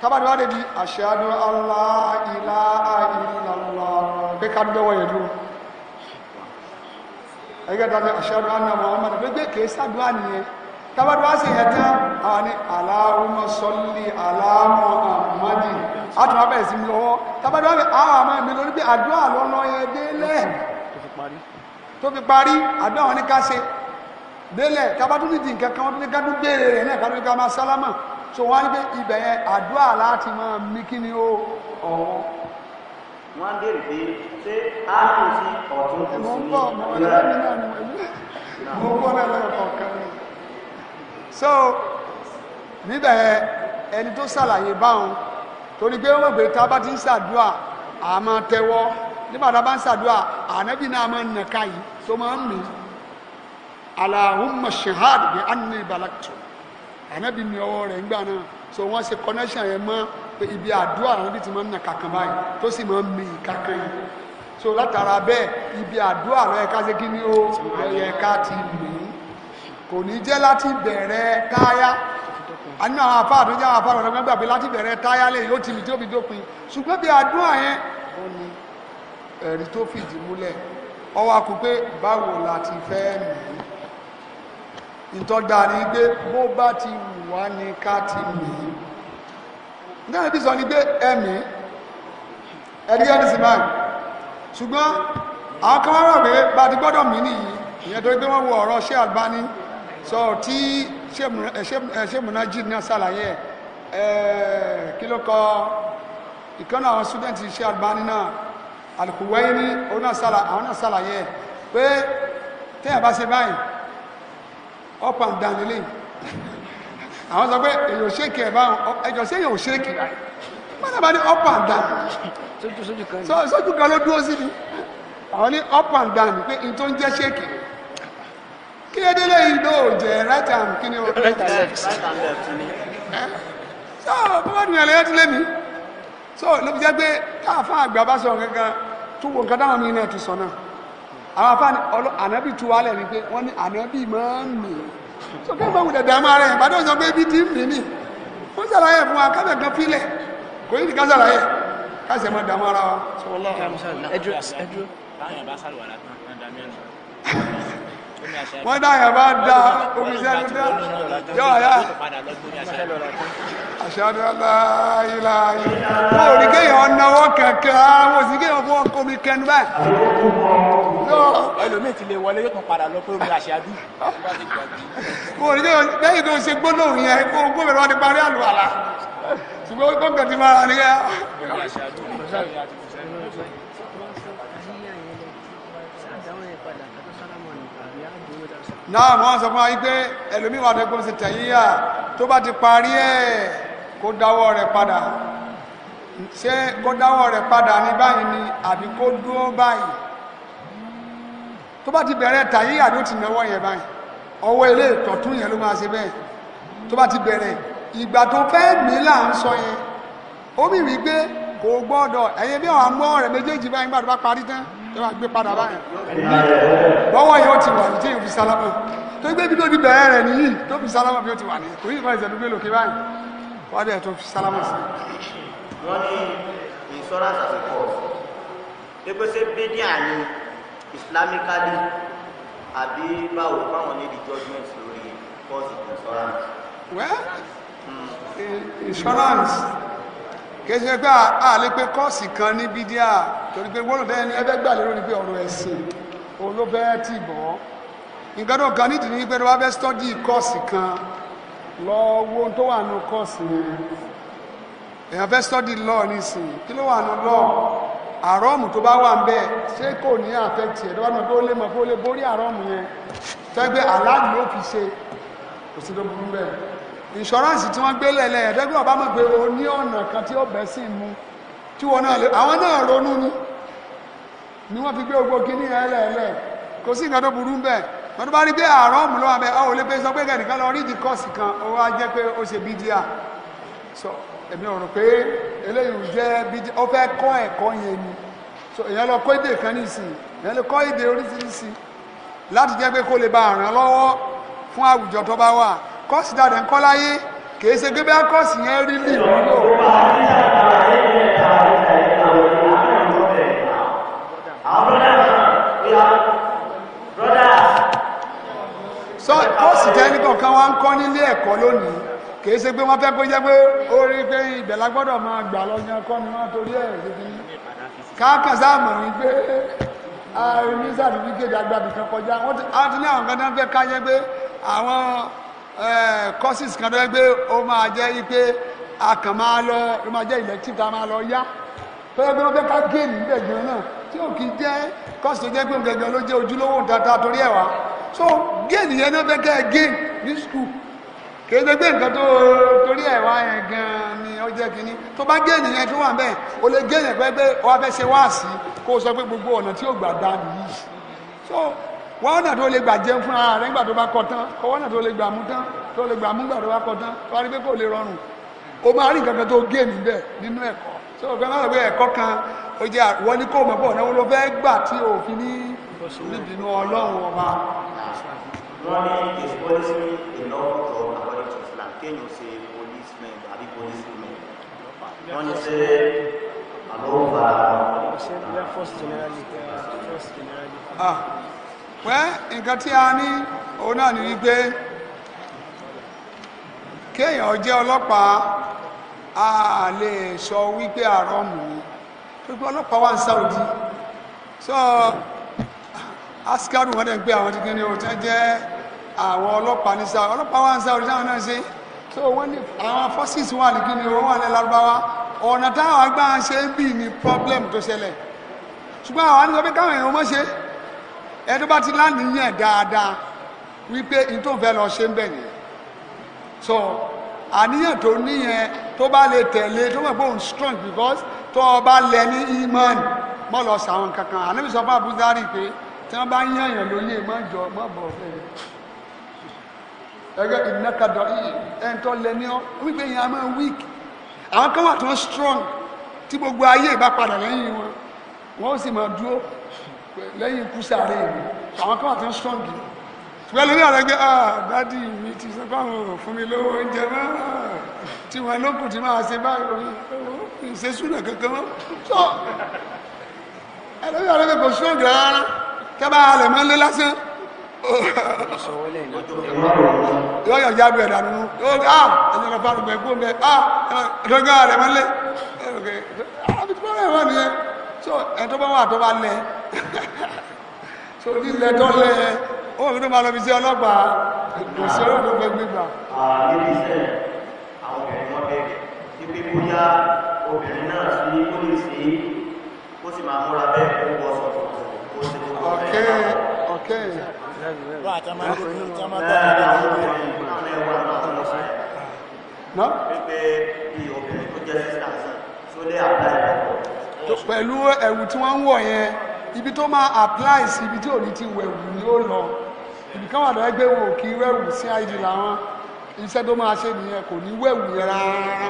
tábàdì wá débi àṣàdù aláìlá àìlàlá pé ká dúpẹ́ wọ́n yẹn dúró ẹgbẹ́ tàbí àṣàdù anáwọ̀ ọmọ rẹ̀ gbé kèé sàdúrà nìyẹn tábàdì wá sí yẹn tán mi lọ́wọ́ tábàdì wá bẹ̀rẹ̀ àwọn àmọ́ mi tó fi parí àdúrà wọn ní ká ṣe délẹ̀ kábàtúndì nǹkan kan wọn tún ní ká tún béèrè rẹ̀ náà ká tún ní ká máa sálámà so wọ́n á ní pé ibẹ̀ yẹn àdúrà láti máa mí kí ni ó ọ̀hún wọ́n á dèrè pé ṣé a kò sí ọ̀tún kò sí ní ìlera mo ń bọ̀ náà lọ́wọ́ kọ̀ọ̀kan ni so níbẹ̀ ẹni tó ṣàlàyé báwọn torí pé wọ́n gbé tá a bá ti ń ṣàdúrà àmọ́ tẹ́wọ́ nígbà tá a bá ń ṣàdúrà ànábì náà máa ń nàka yìí tó máa ń mì alahumma shahad bi anni balagtu ànábì mi ọwọ́ rẹ̀ ńgbà náà so wọ́n ṣe connection yẹn mọ́ pé ibi àdúrà ànábì ti máa ń nà kankan báyìí tó sì máa ń mì kankan yìí so látara bẹ́ẹ̀ ibi àdúrà rẹ̀ ká ṣe kí ni ó ẹ̀yẹ ká ti mì kò ní jẹ́ láti bẹ̀rẹ̀ táyà a àwọn afá àtúnjẹ àwọn afá ọ̀rọ̀ mẹ́gbà pé láti bẹ̀rẹ̀ táyà lè yóò ti mì tí ó fi dópin ṣùgbọ́n bí àdúrà yẹn ó tó fìdí múlẹ̀ ọwọ́ akú pé báwo la ti fẹ́ mì í ìtọ́gbà ni pé bó bá ti wù wá ni ká ti mì í bí sọ ni pé ẹ̀mí ẹ̀rí ẹ̀rí sì máa ṣùgbọ́n àwọn kan wọ́n rọ̀ pé bá ti gbọ́dọ̀ mí nìyí ìyẹn torí pé wọ́n wo ọ̀rọ̀ ṣé Albani sọ tí ṣé eh, eh, Munajid náà ṣàlàyé ẹ̀ eh, kí ló kọ ìkànnì àwọn student ṣé Albani náà Al-Kuwaini àwọn náà sàlàyé ẹ̀ pé tẹ́yà bá ṣe báyìí up and down nílé àwọn sọ pé èyàn ṣéèkì ẹ̀ báwọn ẹjọ́ sí èyàn ò ṣéèkì báyìí wọ́n bá ní up and down sójú kan ló dúró sí ni àwọn ní up and down pé n tó ń jẹ́ ṣéèkì kí edele yìí ló jẹ́ right hand kí ni o. right and left. sọ bọ́ọ̀dù yẹn lè yẹ́ ti lé mi so ló fi jẹ́ pé káàfáà àgbà bá sọ kankan tó wọ nǹkan táwọn mìíràn ti sọ náà àwọn afáàní ànábì tú wálẹ̀ ni pé wọ́n ní ànábì máa ń mì í so kí wọ́n wùdẹ̀ dààmú ara ẹ̀ ìbádọ́ sọ pé ibi tí ń mì mì wọ́n ṣàlàyé fún wa kábẹ̀ kan fílẹ̀ kò yí ni ká ṣàlàyé ká ṣe máa dààmú ara wa. ẹ dúró ẹ báyọ̀ bá sàlùwàlà tán ẹ dàmí ẹ̀ wọ́n dáyà bá da omi sẹ́nu dá yọ àyà àṣàdù aláìlá yìí wọ́n ò ní kéèyàn náwó kẹ̀kẹ́ wọ́n ah, ò sì kéèyàn fún ọkọ mi kẹnu báyìí. ẹlòmíì ti lè wọlé yóò tún padà lọ pé omi àṣàdù. wọ́n ò ní kéèyàn lẹ́yìn tó ṣe gbóná òun yẹn kó gbóbẹ̀rẹ̀ wọn ti parí àlùwàlà ṣùgbọ́n kọ́ńtà ti máa nìyẹn. náà wọ́n sọ fún wa wípé ẹlòmíwà dẹ́gbọ́n ṣe tẹ̀yíyà tó bá ti parí ẹ̀ kó dáwọ́ rẹ̀ padà ṣé kó dáwọ́ rẹ̀ padà ní báyìí ni àbí kó dúró báyìí tó bá ti bẹ̀rẹ̀ tẹ̀yíyà ló ti náwó yẹn báyìí ọwọ́ ilé ìtọ̀tún yẹn ló máa ṣe bẹ́ẹ̀ tó bá ti bẹ̀rẹ̀ ìgbà tó fẹ́ mí là ń sọ yẹn ó mì wí pé kò gbọ́dọ̀ ẹ̀yin bí àwọn amọ́ rẹ̀ méjèèjì báyìí nígbà tó bá parí tán ẹ wá gbé padà báyìí lọ́wọ́ yóò ti wà ní tí yóò fi sálámà tó gbé ibi tó di bẹ̀rẹ̀ rẹ̀ nìyí tó fi sálámà bí ó ti wà ní kò yí ìfọ̀ ìṣẹ̀lú gbé lòkè báyìí wọ́n dẹ̀ tó fi sálámà sí. wọ́n ní insurance as a cause dépèsè bídí àní àbí báwo fáwọn ní the judgement lórí cause of insurance. insurance kèsì ẹgbẹ́ àlè pé kọ́ọ̀sì kan ní bídíà torí pé wọ́n lòdẹ́ ẹni ẹgbẹ́ gbà lérò ní pé ọ̀rọ̀ ẹ̀sìn olóbẹ́ tì bọ́ nǹkan tó kan nídìí ní pé tó bá fẹ́ stọ́dí kọ́ọ̀sì kan lọ wo ohun tó wà nù kọ́ọ̀sì yẹn èèyàn fẹ́ stọ́dí lọ nísìn kí ló wà nù lọ àrọ́ọ̀mù tó bá wà ń bẹ́ẹ̀ ṣé kò ní àfẹ́tì ẹ̀ tó bá mọ̀ pé ó lè mọ̀ pé ó lè borí àrọ́ọ̀mù yẹn fẹ́ gbé aláàlú ó fi ṣe òsì tó burú bẹ́ẹ̀ insurance tí wọ́n gbé lẹ́lẹ́ ẹ̀ẹ́dẹ́gbẹ́ ọba mọ̀ pé o ní ọ̀nà kan tí ó bẹ́ sí mu tí wọn náà lè àwọn náà ronú ni ni wọ́n fi gbé gbogbo kínní yẹn lẹ́lẹ́ kò sí nǹkan tó burú bẹ́ẹ̀ wọ́n tó bá rí pé àárọ̀ mú lọ́wọ́ bẹ́ẹ̀ ọ̀ lè pé sọ pé kẹ́nìkan lọ rí di kọ́ọ̀sì kan ó wá jẹ́ pé ó ṣe bídíà so èmi ò rò pé eléyìí jẹ́ bídíà ó fẹ́ kọ́ ẹ̀kọ́ yẹn ni so èèyàn lọ kọ́ èdè kan nísìnyí èèyàn lè kọ́ èdè oríṣiríṣi láti jẹ́ pé kó lè bá àràn lọ́wọ́ fún àwùjọ tó bá wà kọ́ọ̀sì dáadẹ̀ ń kọ́ láyé kìí ṣe gbé bá kọ́ọ̀sì yẹn rí lì wúlò. so kọ́ọ̀sì tẹ́ni kọ̀ọ̀kan wá ń kọ́ nílé ẹ̀kọ́ lónìí kìí ṣe pé wọ́n fẹ́ kó jẹ́ pé ó rí pé ibẹ̀ la gbọ́dọ̀ máa gbà lọ yan kọ́ ni wọ́n torí ẹ̀ ṣèkí káàkàn sáàmù rí pé ààrẹ ní sàdúgbò kejì agbábì kan kọjá wọ́n ti ní àwọn kan náà fẹ́ ká yẹ pé àwọn. courses kan tó yẹ pé ó máa jẹ́ a kàn máa lọ ó máa jẹ́ elective tá a máa lọ yá tó yẹ pé wọ́n fẹ́ ká géèmù níbẹ̀ gan náà tí ò kì í jẹ́ course so yẹn náà fẹ́ ní school kì í pé nǹkan tó torí ẹ̀ ni ó jẹ́ kínní tó bá o lè yẹn pé wọ́n fẹ́ ṣe kó sọ pé gbogbo ọ̀nà tí ò gbà nìyí wọ́n ọ̀nà tó lè gbà jẹun fún ara rẹ̀ nígbà tó bá kọ tán ọwọ́ ọ̀nà tó lè gbà mú tán tó lè gbà mú nígbà tó bá kọ tán tó wá rí pé kò lè rọrùn o máa rí nǹkan kan tó gé níbẹ̀ nínú ẹ̀kọ́ tó o fẹ́ máa gbé ẹ̀kọ́ kan o jẹ́ àwọn ní kó o mọ̀ pọ̀ náà wọ́n ló fẹ́ gbà tí o fi ní níbinú ọlọ́run ọba. wọ́n ní ìfọwọ́sí ìlọ́wọ́tọ̀ tó fìlà kéèyàn pẹ́ nǹkan tí a ní òun náà ní wípé kéèyàn jẹ́ ọlọ́pàá a lè sọ wípé àrọ́mù ni pípẹ́ ọlọ́pàá wà ń sáwùdí so asikaru wọn dẹ̀ ń pé àwọn ti kí ni o tẹ́ jẹ́ àwọn ọlọ́pàá ní sáwùdí ọlọ́pàá wà ń sáwùdí táwọn náà ṣe so wọ́n ní àwọn forces wà ní kí ni wà ní Lárúbáwá ọ̀nà táwọn agbára ṣe ń bì ní problem tó ṣẹlẹ̀ ṣùgbọ́n àwọn àníkọ́ pé káwọn èèyàn mọ́ ṣe é ẹni tó bá ti láníyàn dáadáa wípé n tó ń lọ ṣe ń bẹ̀ yẹn so àníyàn tó níyẹn tó bá lè tẹ̀lé tó mọ̀ pé òun strong because tó o bá lẹ ní imán mọ́ lọ sàwọn kankan ànábì sọ fún abudari pé tí wọ́n bá ń yànyàn lóye má jọ má bọ̀ fẹ́ ẹgbẹ́ ìnákadọ̀ ẹni tó lẹ ní ọ wípé yẹn a máa weak àwọn kan wà tó strong tí gbogbo ayé ìbá padà lẹ́yìn wọn wọ́n sì máa dúró lẹ́yìn ikú sáré mi àwọn kan wà tán strong yìí ṣùgbọ́n lórí ọ̀rẹ́ gbé dádì mi ti sọ pé àwọn fún mi lówó oúnjẹ náà tí wọn lókùn ti máa ṣe báyìí ìṣe súnà kankan mọ́ sọ ẹlẹ́yìn ọ̀rẹ́ gbé kò strong rárá tábà alẹ̀ máa ń lé lásán yóò yọ jáde ẹ̀dá nínú yóò gbé ah ẹ̀yìn ọ̀rẹ́ fárúgbẹ́ gbóngbẹ́ ah ẹ̀rọ gbé alẹ̀ máa ń lé ẹ̀rọ gbé ah àbí tí wọ́n rẹ̀ wá nìyẹn so ẹni tó bá wà tó bá lẹ so lílẹ tó lẹ ó wọ́n fi tó máa lọ fi sí ọlọ́pàá kò sí ọlọ́pàá tó fẹ́ gbígbà. àìrí iṣẹ́ àwọn obìnrin wọn bẹ̀rẹ̀ kí pé bóyá obìnrin náà sí ó lè sí ó sì máa múra bẹ́ẹ̀ kó wọ sọ kó sì tó wọ bẹ́ẹ̀. ok ok. no. pé bí obìnrin tó jẹ́ sísá sí sólé àbáyé pẹ̀lú ẹ̀wù tí wọ́n ń wọ̀ yẹn ibi tó máa apply sí ibi tí òní ti wẹ̀wù ni ó lọ ibi kan wà lọ́wọ́ gbé wò kí wẹ̀wù sí àìdí làwọn iṣẹ́ tó máa ṣe nìyẹn kò ní wẹ̀wù yẹn rárá.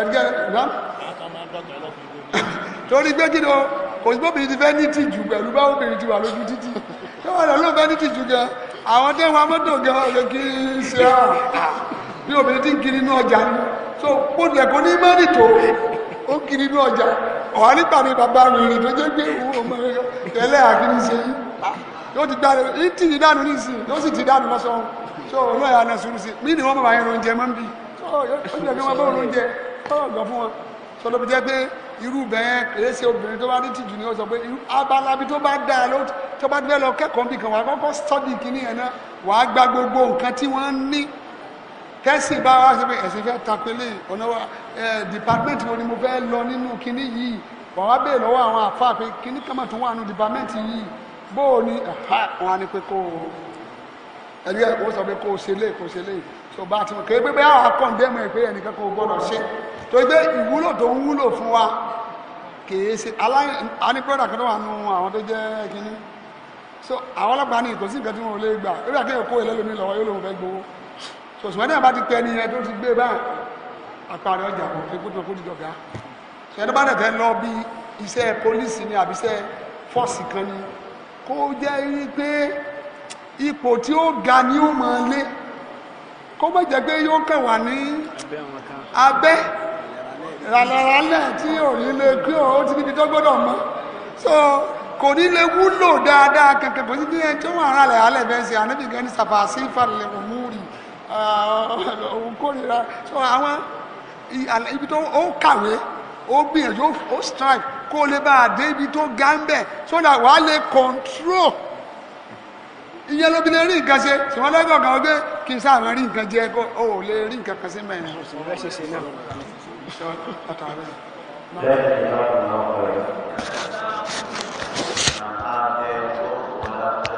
ẹ̀dgẹ́ náà torí gbé kí ni o kò sí bóbi ti fẹ́ ní tìjú pẹ̀lú báwo bèrè ti wà lójú títì tí wọ́n lọ ló fẹ́ ní tìjú gan àwọn tẹ́ wọn mọ́tò gan ọ̀rẹ́ kí í ṣe àà ah, ah, bí obìnrin ti ń kiri inú ọjà ni so kó lẹ́kọ̀ọ́ ní mẹ́rìtò ó kiri inú ọjà ọ̀hán nígbà mi bàbá rìnrìn tó jẹ́ pé òun ọmọ rẹ tẹ́lẹ̀ àkíní ṣe yí ah, yóò ti dánu yìí tì í dánu nísìnyí yóò sì ti dánu lọ́sọ̀ọ́ so olóyè àná sùúrù sí mí ni wọ́n bàbá yẹn oúnjẹ máa ń bì so ó jẹ́ pé wọ́n bá oúnjẹ tọ́lọ̀ fún wọn so ló fi jẹ́ pé irú bẹ́ẹ̀ èyí ṣe obìnrin tó bá ní tìjú ni ó sọ pé abalabi tó bá dá ló tó bá dé lọ kẹ́kọ̀ọ́ bì kan wà á kọ́kọ́ study kínní yẹn náà wà á tẹ́sì bá wá síbi ẹ̀sìn fẹ́ tapẹ́lẹ̀ ọ̀nàwà ẹ̀ dìpátímẹ́ǹtì wo ni mo fẹ́ lọ nínú kinní yìí wà wá bèèrè lọ́wọ́ àwọn àfáà pé kinní kan máa tún wà nínú dìpátímẹ́ǹtì yìí bóò ni wọn á ní pé kó o ẹ̀rí ẹ̀ kó sọ pé kó o ṣe lé tó bá ti mọ̀ kéé pé bẹ́ẹ̀ àwọn akọ́ndẹ́mọ̀ ẹ̀ pé ẹnìkan kó gbọ́dọ̀ ṣe tó gbé ìwúlò tó ń wúlò fún wa kèé ṣe aláìníbrọ́dà kan tó so àwọn ọlọ́pàá ní ìkòsí nǹkan tí wọn ò lè gbà ó yà sòsùmọ́dé àbá ti pẹ́ nìyẹn tó ti gbé báyìí àpàrẹ ọjà kò fi kó tó kó dìjọ gá ẹni bá dẹ̀ fẹ́ lọ bí iṣẹ́ pólísì ni àbí iṣẹ́ fọ́ọ̀sì kan ni kó jẹ́ wípé ipò tí ó ga ni ó máa lé kó má jẹ́ pé yóò kàn wà ní abẹ́ ràlàràlẹ̀ tí ò ní lè gbé ó ti níbi tó gbọ́dọ̀ mọ́ so kò ní lè wúlò dáadáa kankan kò sí bí ẹni tó wà rálẹ̀ alẹ́ bẹ́ẹ̀ sí ìfàlẹ̀ òmùú òun kórìíra so àwọn ibi tó ó kàwé ó gbìyànjú ó strive kó lè bá a dé ibi tó ga ń bẹ̀ so that wàá lè control ìyẹn ló bí lè rí nǹkan ṣe ṣùgbọ́n lọ́gbọ̀n kan gbé kí n sáà máa rí nǹkan jẹ kó o ò lè rí nǹkan kan sí mẹ́rin. ọ̀rẹ́ ṣe